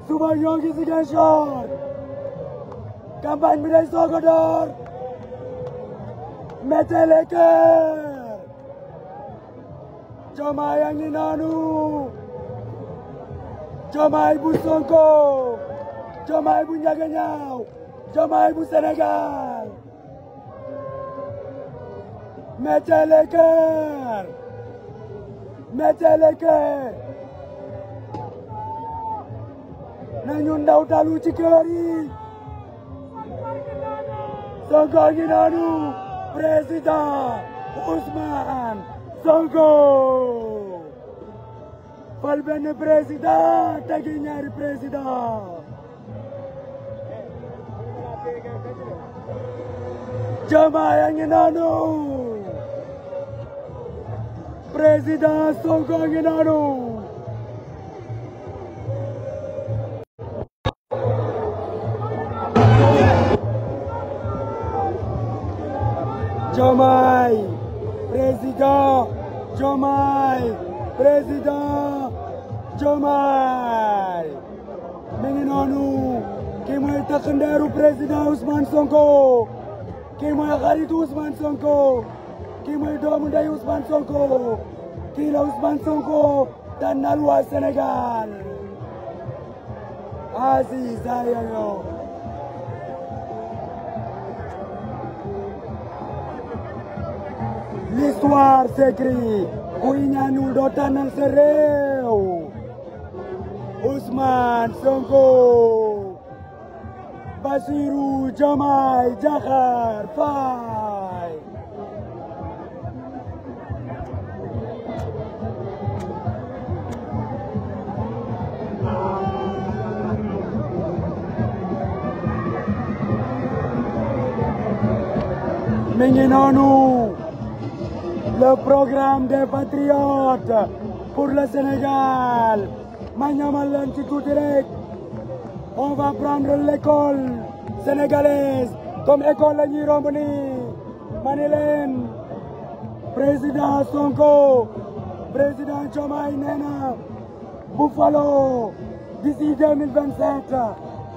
suba ñoo ngi si Ziguinchor campagne bi day soog a door noonu Diomaye bu Sonko Mettez les cœurs mettez les cœurs nañu ndaw ci kër yi Sonko gi noonu président fal benn président tegi ñaari président Diomaye a Presidente Jomai, Jamais, presidente, jamais, presidente, jamais. Meninonu, quem vai defender o presidente Usman Sonko? Quem vai agarrar o Usman Sonko? kii muy doomu ndey Ousmane Sonko kii la Ousmane Sonko daan nal waa Sénégal Aziz Ayoyo l'histoire s'écrit ku ñaanul doo tànnal sa réew Ousmane Sonko Bassirou Diomaye Diakhar Faye le programme des patriotes pour le Sénégal on va prendre l'école sénégalaise comme école à ñuy président Sonko président Chomaï Nena, Buffalo d'ici 2027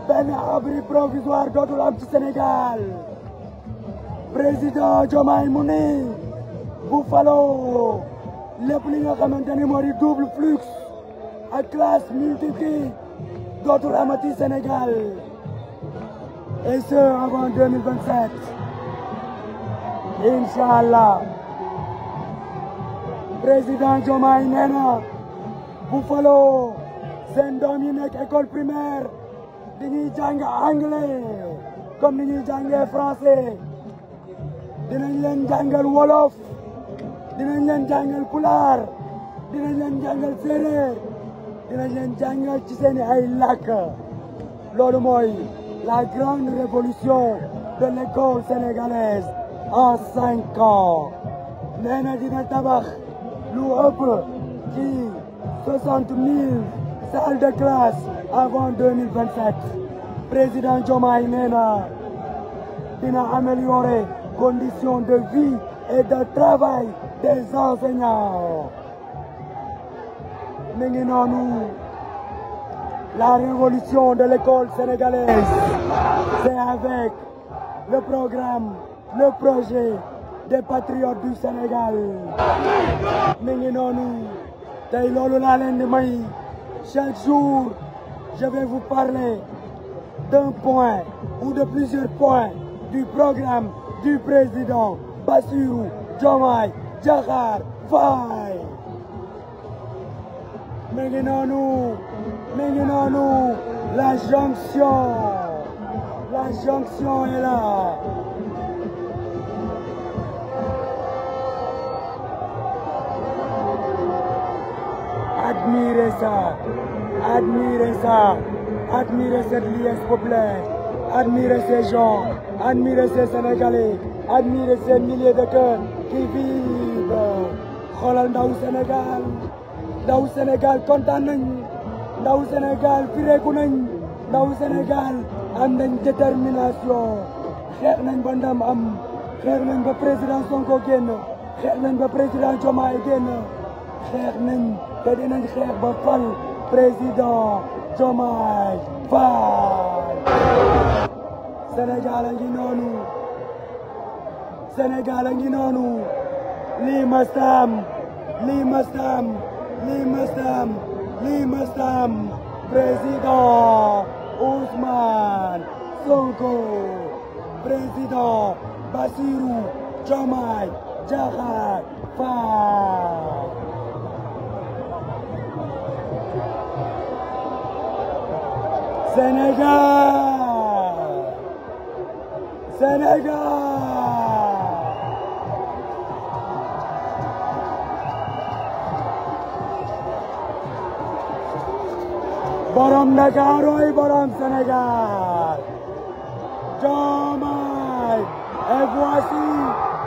Ben abri provisoire d'autres du Sénégal président Jomai Mouni, Buffalo, les plus lépp li nga double flux à classe multiple d'autres Sénégal et ce avant 2027 Inch'Allah. président Jomai Nena, Buffalo, Saint-Dominique école primaire Dini j'ang anglais comme ni ñuy français dinañ leen jàngal wolof dinañ leen jàngal pulaar dinañ leen jàngal séeréer dinañ leen jàngal ci seen ay la grande révolution de l'école sénégalaise en cinq ans nee na dina tabax lu soixante salles de classe avant 2027. président Diomaye nee na dina conditions de vie et de travail des enseignants. la révolution de l'école sénégalaise, c'est avec le programme, le projet des patriotes du Sénégal. Chaque jour, je vais vous parler d'un point ou de plusieurs points du programme du président Basirou Diomaye Jahar, Fay mais nous, nous la jonction la jonction est là admirez ça admirez ça admirez cette liesse populaire admirer ces gens, admirer ces Sénégalais, admirer ces milliers de cœurs qui vivent. xoolal ndawu Sénégal ndawu Sénégal kontaan nañ ndawu Sénégal fireeku nañ ndawu Sénégal am nañ détermination xeex nañ ba ndam am xeex nañ ba président Sonko génn xeex nañ ba président Diomaye génn xeex nañ te dinañ xeex ba fal président Diomaye Faye Sénégal ngi noonu Sénégal ngi noonu lii mastam lii mastam lii mastam lii mastam président Ousmane Sonko président Bassirou Diomaye Diakhar Faye Sénégal Sénégal borom Ndakaaroy borom Sénégal Diomaye et voici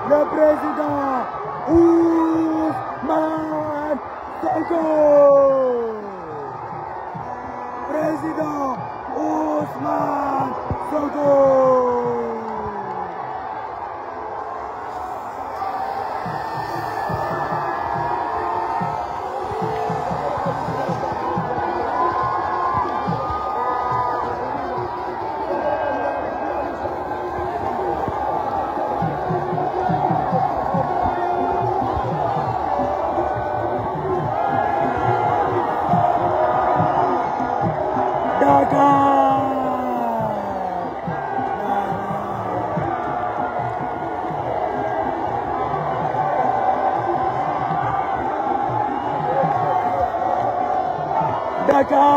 le président Ousmane Sonko président Osman Sogo! Osaka!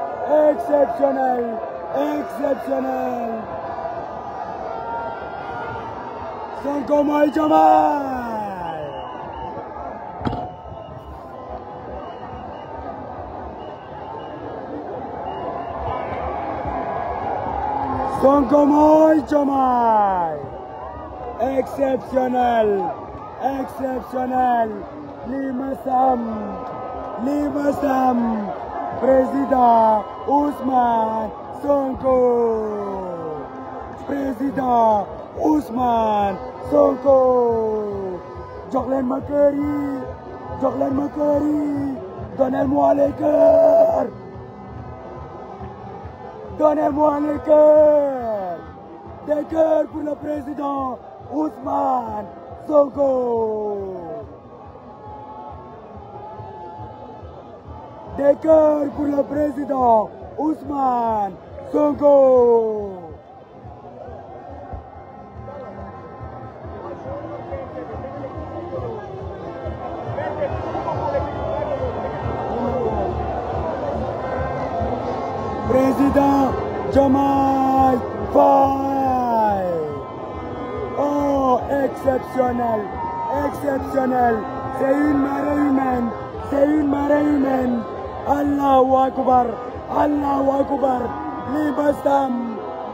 excepcional, excepcional. Son como el Jamal. Son como el Jamal. Excepcional, excepcional. Lima Sam, Président Ousmane Sonko. Président Ousmane Sonko. Jox leen ma kër donnez-moi les cœurs. Donnez-moi les cœurs. Des cœurs pour le président Ousmane Sonko. Le pour le président Ousmane Sonko. Président Jamal Faye. Oh, exceptionnel, exceptionnel. C'est une marée humaine, c'est une marée humaine. Allahu Akbar, Allahu Akbar, Libastam,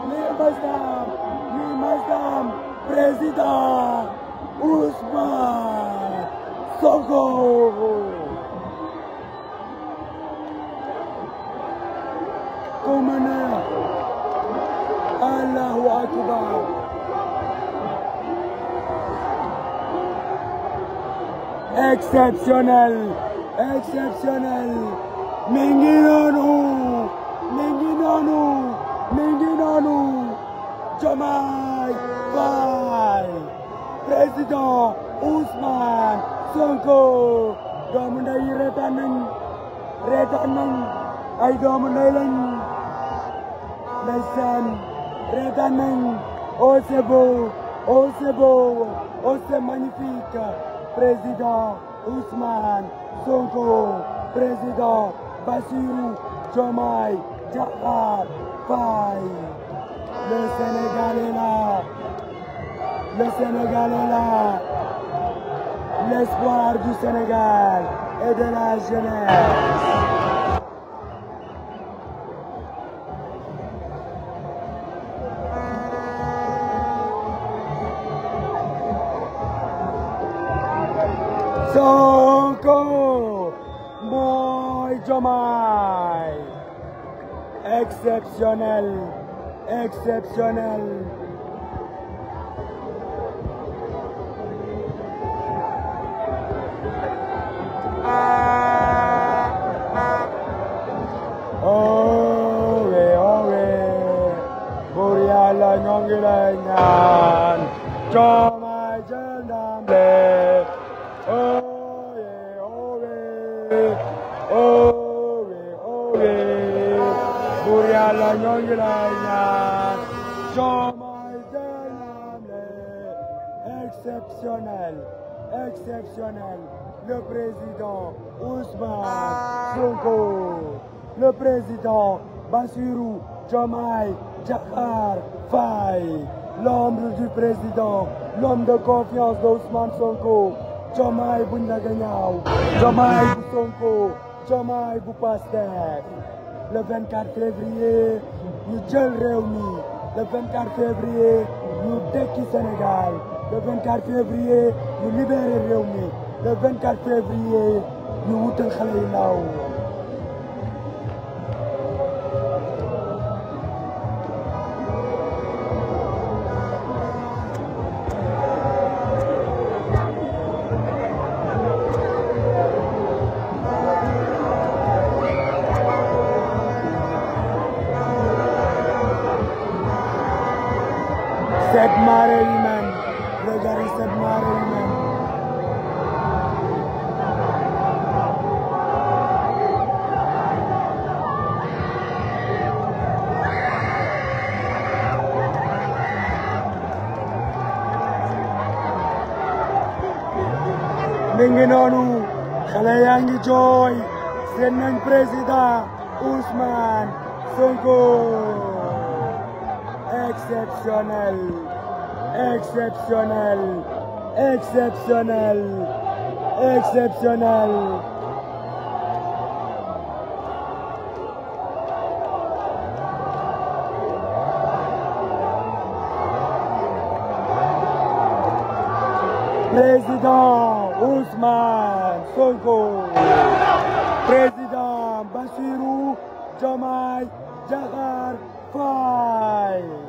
Libastam, Libastam, President Usman Soko. Kumana, Allahu Akbar. Exceptional. Exceptional. Menguinano! Menguinano! Menguinano! Jamais vai! Presidente Usman Sonko! Dominei retanen! Retanen! Ai beau! Oh, c'est beau! Oh, c'est magnifique! Presidente Usman Sonko! Presidente. Bassirou Diomaye Diakhar Faye le Sénégal l'espoir du Sénégal et de la jeunesse Diomaye exceptional, exceptional. ah, ah. Owe owe buur Yàlla ñoo exceptionnel, exceptionnel, le président Ousmane Sonko, le président Basirou Jomai Jafar Faye, l'ombre du président, l'homme de confiance d'Ousmane Sonko, Jomai Bundaganyao, Jomai Sonko, Jomai Boupastek. Le 24 février, ñu jël réew mi le 24 février ñu tekki Sénégal le 24 février ñu libéré réew mi le 24 février ñu wutal xale yu ndaw président Ousmane Sonko. Exceptionnel, exceptionnel, exceptionnel, exceptionnel. Président Ousmane Sonko. Siru Jamai Jagar 5.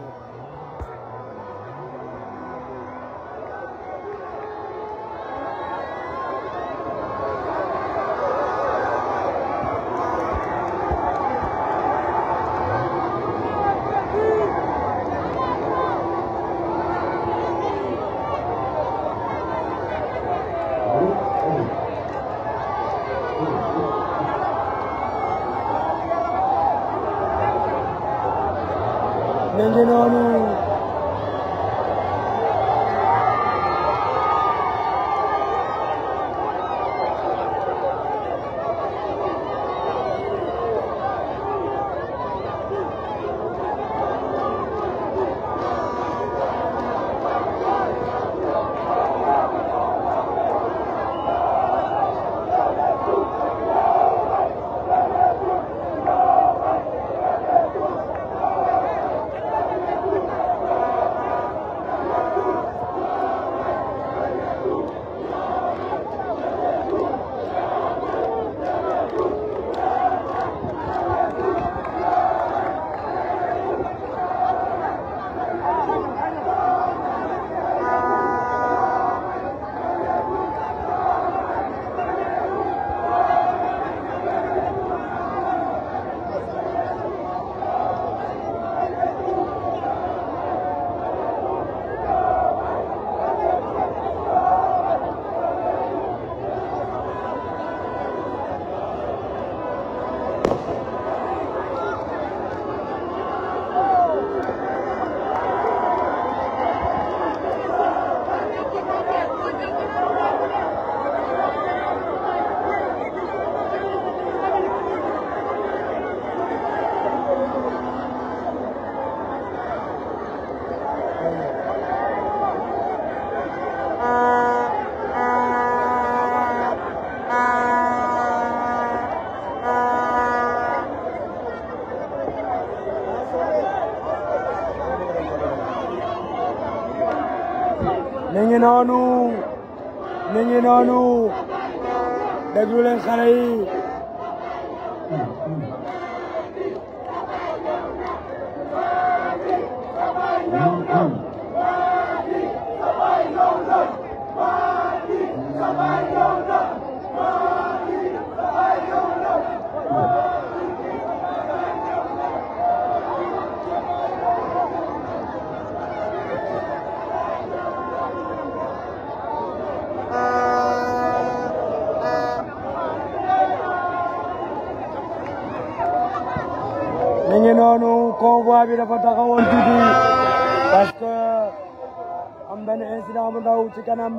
kanam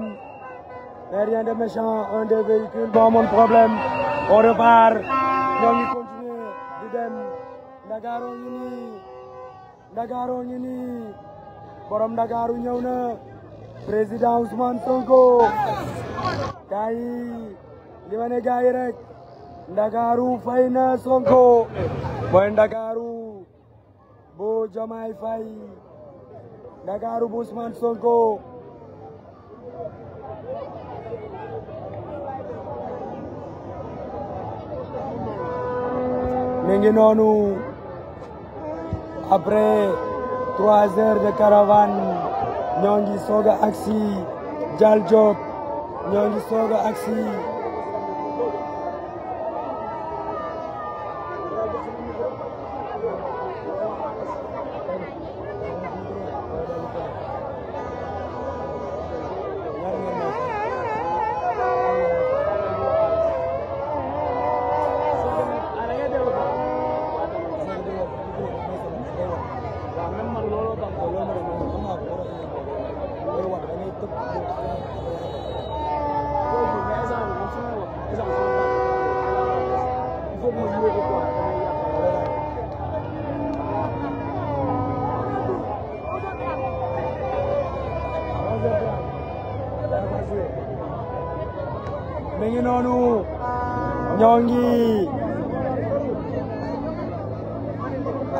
mais rien de méchant un des véhicules boo amoon problème on repart ñoo ngi continuer di dem Ndakaaru ñu nii Ndakaaru ñu nii borom Ndakaaru ñëw na président Ousmane Sonko gars yi li ma ne gars rek Ndakaaru fay na Sonko mooy Ndakaaru bu Diomaye Faye Ndakaaru bu Ousmane Sonko mi ngi noonu après trois heures de caravane ñoo ngi soog a agsi Dial Diop ñoo ngi a agsi